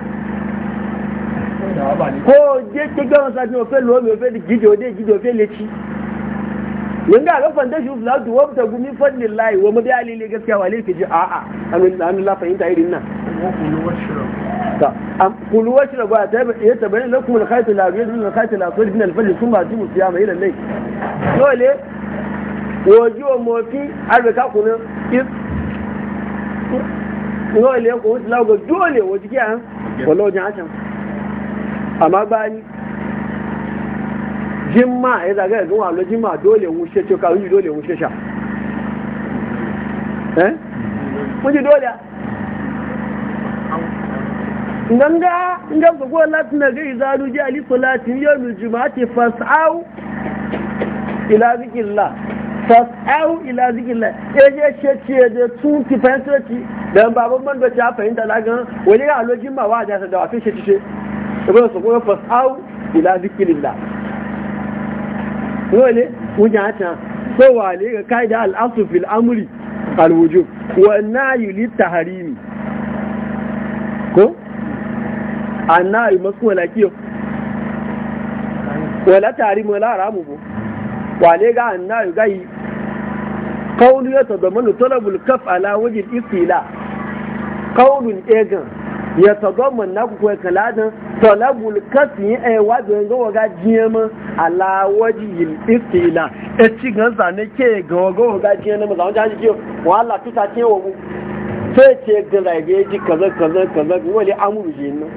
kó o jẹ́ kékeré wọn sáájú òfé lu omi gidi gidi ga rufan da shi za wa wabta gumi fannin layi wa da alili gaskiya wa laifi ji a'a amin la fahimta irin nan kulu wasu da gwada ya tabbani na kuma alkhaitu la riyadu na alkhaitu la sori bin alfajir sun ba musu ya mai lallai dole woji wa mofi dole ko dole wajen amma bayi jimma ya zaga ya gama lo jimma dole wushe ce kawai dole wushe sha eh mun ji dole nganga ngam ga gola tuna ga izalu ji ali salatin yawmul juma'ati fas'au ila zikrillah fas'au ila zikrillah eje ce ce da tun ti fahimta ci dan baban man da ta fahimta lagan wani ga lo jimma wa da da wa fi ce ce ebe sọ kuma ẹfọ́ sáwù ìlà zikirila wọ́n lè wúnyà So hàn tó wà lè ga fil al'asufil amuri alwujo wannan yi lita harimi ko? anna yi masu wala kiyo wala tari mu la ramu bo wale ga anna yi gayi? kaunu ya tadamanu talabul kaf ala wajen istila kaunun egan ya tagamman na kuwa kaladin talabul kasi eh, ya yi wajen gawa e ga jiyama alawaji istila ya ci gan zane ke gawa gawa ga jiyama na mazan jihar jiyo wahala tuta ce wa mu sai ce ga rage ji hmm? kaza kaza kaza wale amuru je nan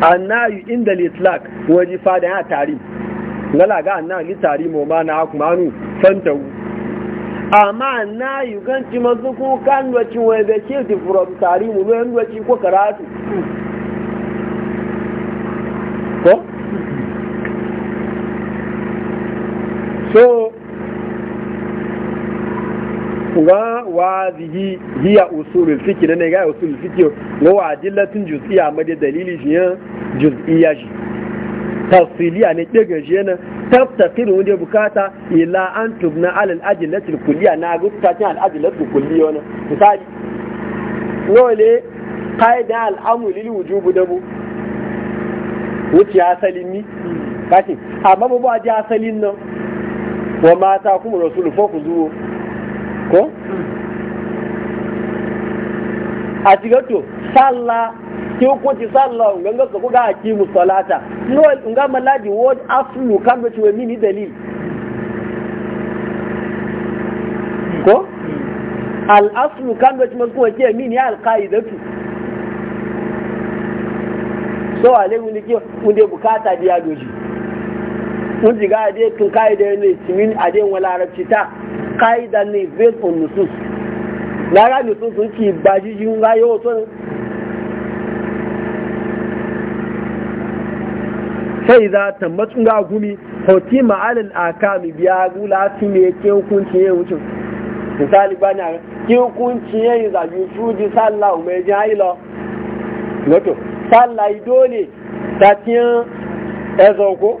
annayu inda litlak waje fada ya tari ngala ga annayu litari mu ma na akumanu fantawu amma na yi ganci masu kan nwaci wani da ke ti from tari mu nwaci nwaci ko karatu ko? so ga wazihi hiya usulul fiqh ne ga usulul fiqh ga wajilatun juz'iyya ma da dalili shi juz'iyya shi tafsiliya ne ke shi na taftakir wanda bukata ila an tubna alal ajilatul kulliya na gutta cin al ajilatul kulliya wani misali dole qaidan al amru lil wujub dabu wuce asalin ni kashi amma babu aji asalin nan wa mata kuma rasulu fa ku zuwo ko a cigato sallah ki hukunci sallah ganga ka kuga akimu salata no nga malaji word aslu kan do ciwe mini dalil ko al aslu kambe do ciwe ko ke mini al qaidatu so ale mun ki unde bukata dia doji mun diga de tun kaida ne timin ade wala arabci ta kaida ne based on nusus lara nusus ki bajiji nga yo to sai za ta matsun ga gumi hoti ma'alin akami biya gula su ne ke hukunci ya wucin misali ba ne ke hukunci ya yi zagi fuji sallah mai ji hailo wato sallah dole ta tiyan ezoko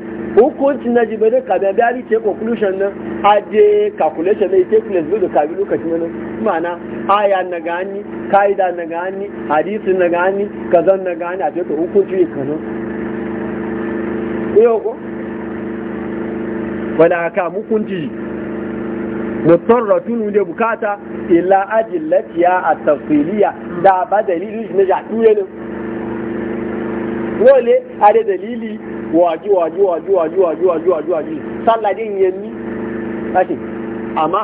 hukuncin na jibe da kabi abi ce conclusion nan aje calculation na take place bude kabi lokaci mana mana aya na gani kaida na gani hadisi na gani kazan na gani a ce to hukunci ne kazo yau ko wala ka hukunci mutarratun wuje bukata ila ajillatiya a tafiliya da ba dalilin shi na jaɗuye ne wole a da dalili wàjú wàjú wàjú wàjú wàjú wàjú wàjú wàjú sálàdé yẹn ní láti àmà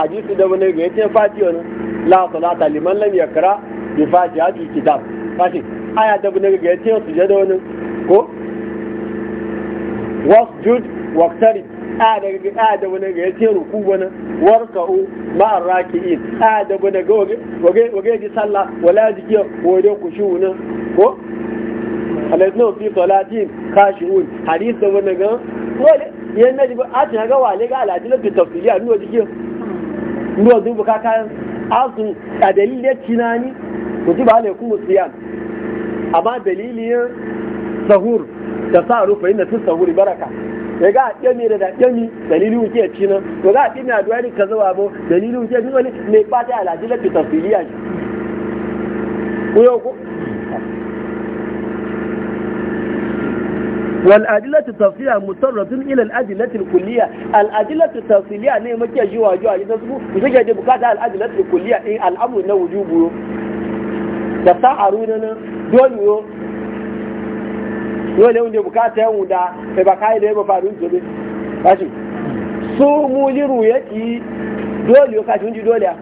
àdìsí dọ́gbọ́n ẹgbẹ̀rún tí wọ́n fàájì ọ̀nà láàtọ̀ láta lè máa ń lẹ́mìí ẹ̀kẹ́rà lè fàájì àti kìtà láti àyà dọ́gbọ́n ẹgbẹ̀rún tí wọ́n sùjẹ́ dọ́gbọ́n kó wọ́n jùd wọ́ktẹ́rì àyà dọ́gbọ́n ẹgbẹ̀rún tí wọ́n rùkú wọn warka'u ma'a raki'in àyà dọ́gbọ́n ẹgbẹ̀rún wọ́gẹ́ di sálà ko? alaikun fi salatin kashi'un hadis da wani gan wale yan na jibi a cin ga wale ga alaji na fitar fiye a nuna jikin nuna zubu kayan asu a dalilin cinani mutu ba alaikun musiyan amma dalilin sahur da sa rufe rufa inda tun sahuri baraka ya ga a ne da daɗe dalilin wuce ya ci nan to ga a ɗin na duwari ka zuwa bo dalilin wuce ya ci wani mai fata alaji na fitar fiye a shi والأدلة التفصيلية مضطرة إلى الأدلة الكلية الأدلة التفصيلية أنا ما كي أجوا أجوا أجوا مش كي بكاتا الأدلة الكلية إيه الأمر إنه وجوبه da sa'aruna nan dole yo dole wanda bukata yan wuda sai ba kai da ya mafarin zobe kashi su mu liru yaki dole yo kashi hunji dole ya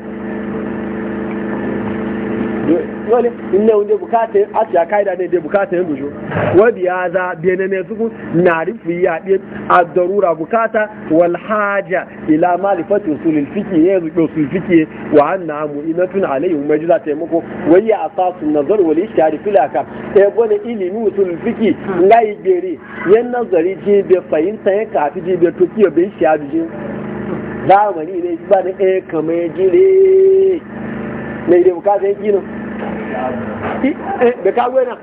dole in ne wunde bukatun asiya kaida ne dai bukatun bujo wadi ya za bene ne su na rufi ya bi ad-darura bukata wal haja ila malifati usulil fiqi ya zuke usul fiqi wa ina anna mu'inatun alayhi majza taimako wani ya asasu nazar wal ishtihad fil akam e bone ilimi usul fiqi ngai gere yan nazari je be fahimta ya kafi je be tokiyo be ishtihad je zamani ne ba da ɗaya e, kamar jire mai da bukata yanki nan eh, da kagwai nan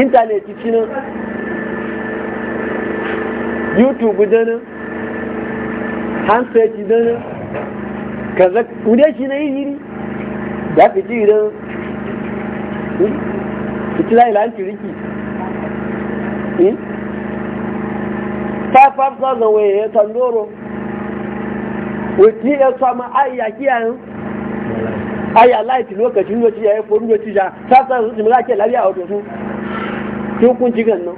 intanet ci nan youtube danin handset danin kaza kude shi na yi yiri da fi ci idan fitila hmm? ilanci riki hmm? ta fafsa zawaye ya tandoro wuti ya sama ayyaki yayin Ayi light lokacin lokaci ya yi foru lokaci ja ta sa su jimla ke lafiya a wato su tun kun ci gan nan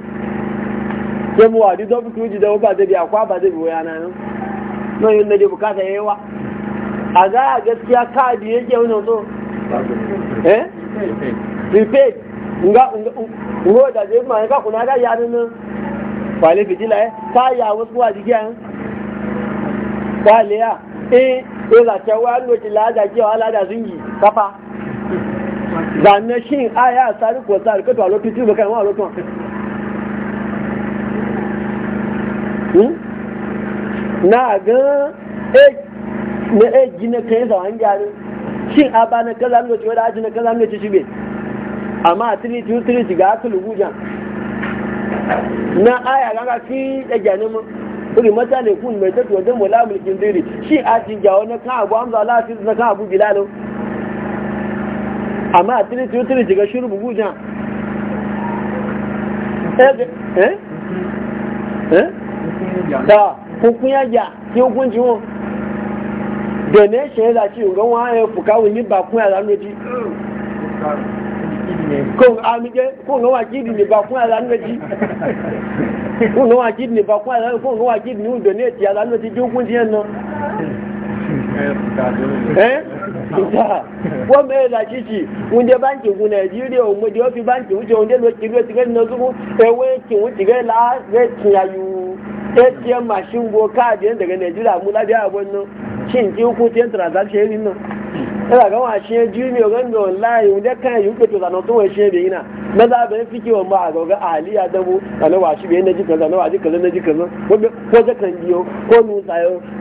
sai mu wadi don fito ji da ba zai biya kwa ba zai biya na nan nan yin da dai bukata yayi wa a za a gaskiya ka bi yake wani so eh prepaid nga ngo da zai ma ka kuna da yarin nan kwale fitila eh ka ya wasu wa jigiya eh? kwale ya eh sai ke wa sun yi kafa aya ko kato a a lokacin hmm? na ga e, na e wani a ba na kaza wadda aji na kaza shi amma a tiri tiri tiri aka na aya ga fi da gyanin mu kuri mata ne kun mai tattu wajen mula mulkin diri shi a jinja wani kan abu amza Allah fi na kan abu bilalo amma a tiri tiri tiri shiga shiru bugu jan eh, eh? eh? da hukun ya ja ki hukun ji won donation ya zaci ga wani fuka wani ba bakun ya zanuji kóhùn amíjẹ́ kóhùn wà jíìdì nìbà fún àlánúwẹ́jì kóhùn wà jíìdì nìbà fún ní ètì àlánúwẹ́jì tí ó sí ẹ̀nà wọ́n mẹ́rin làṣíṣì oúnjẹ báńkì ìwò nàìjíríà òmòdì ó báńkì oúnjẹ oúnjẹ ló ti rẹ̀ ti nínú súnmú ẹwẹ́ kí wọ́n ti rẹ̀ láàárẹ̀ tí atm machine wo káàdì ẹ̀ńdẹ̀rẹ̀ nàìjíríà mú lábẹ́ àwọn náà ṣì ó kún tí ń transaction nínú tana ga wa shi jimi o gando wallahi wanda kan yi kuke tun wai shi ina na za ba fiki wa ma ga ga aliya da mu kana wa shi bai na ji kaza na kaza na ji kaza ko ko da ko nu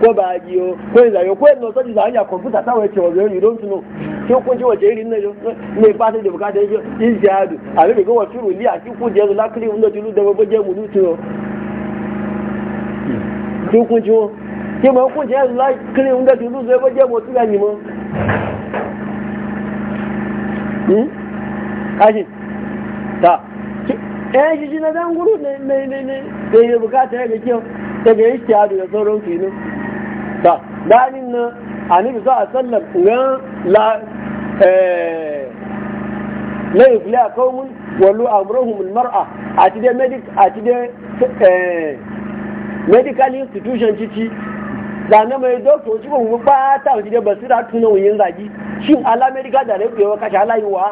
ko ba biyo ko da yo ko no sai da hanya ta wace wa you don't know ko kun ji waje irin na yi ne ba sai da bukata yake izjadu a ne ga wa turu li a ki la wanda da ba je mu ko kun ji ko ma kun je la kli wanda julu da ba je mu Hmm? kashi ta ɗaya eh, shi shi na dan guru ne ne ne ne da ya bukata ya ga kyau daga ya shi hadu da sauran filo ta danin na za a sallar na la eh, la yufli a kawun wallo mar'a a ci eh, medical institution ciki zane mai dokto shi kuma ba ta wajen ba su da tuna wuyin zagi shin ala amerika da rafi yawa kashe halayewa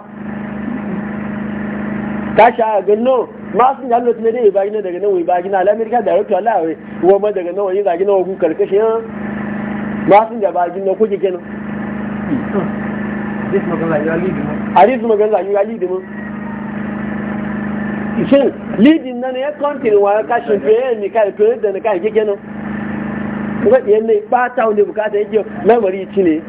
kashe a gano masu da halittu na dai bagina daga nan wai bagina ala amerika da rafi halayewa wa ma daga nan wuyin zagi na wagun karkashi yan masu da bagina kuke kenan hadis magana zagi ya lidimin shin lidin nan ya kwantin wa kashin fiye ne kai fiye da na kai kenan kuma ɗiyan ne ba ta wani bukata yake lamari ci ne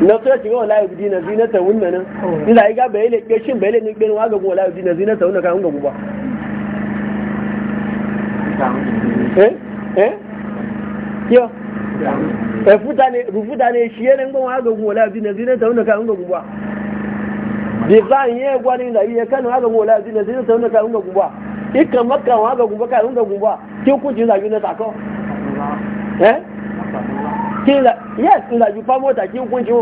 na so shiga yi dina zinata wunna nan ila yi ga bayele ke shin bayele ni gani wa ga wala yi dina wunna kan ga guba eh eh yo rufuta e ne shi yelen gwan wa ga wala yi ta wunna kan ga guba bi yi gwani da yi kan wa ga wala yi dina zinata wunna ikan maka wa ga gumba kai ga gumba ki ku ji zaju na sako eh la yes la ju pa mota ku ji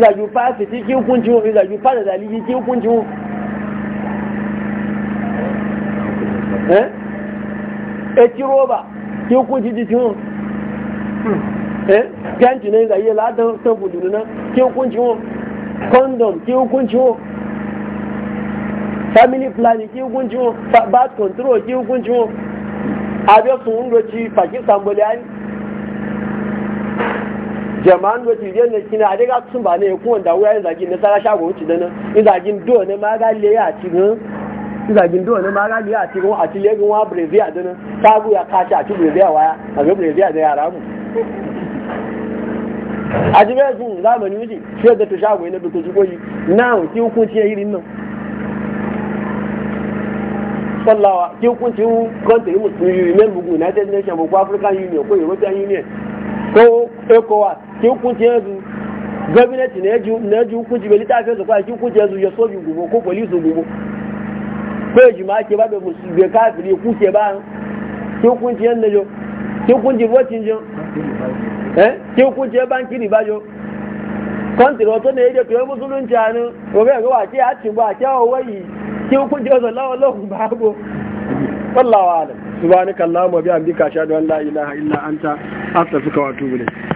la ju pa ti ku ji la ju pa da ku ji eh e ti roba ku ji eh kan ji ne da yi la da ku ji condom ku ji family planning ki hukunci wọn birth control ki hukunci wọn abiosun ń lo ci pakistan bole ayi jama'an lo ci zai na kina a daga sun ba ne kuma da wuya yin zagin na tsara shago wuce dana, nan yin zagin do ne ma ga le a cikin yin zagin do ne ma ga le a cikin a cikin legin wa brezia da nan sagu ya kashi a cikin brezia waya a ga brezia da yara mu a jibin sun zamani wuce shi da ta shago ne da ta shi koyi na ki hukunci ya yi nan sallawa ki hukunci kanta yi musulmi ne bugu united nations ko african union ko european union ko ecowas ki hukunci yanzu gwamnati na ji hukunci bai littafin su kwa ki hukunci yanzu ya soji gubo ko polisi gubo ko ya jima ke ba da musulmi kafiri kuke ba ki hukunci yanzu jo ki hukunci votin jo eh ki hukunci banki jo kwanci rotu ne yadda tuwai musulunci hannun gobe ga wace a ci ba kyawa wai ki hukunci wasu lawan lawan babu wallawa alam subhanaka allahumma wa amdika ashhadu an la ilaha illa anta astaghfiruka wa atubu ilayk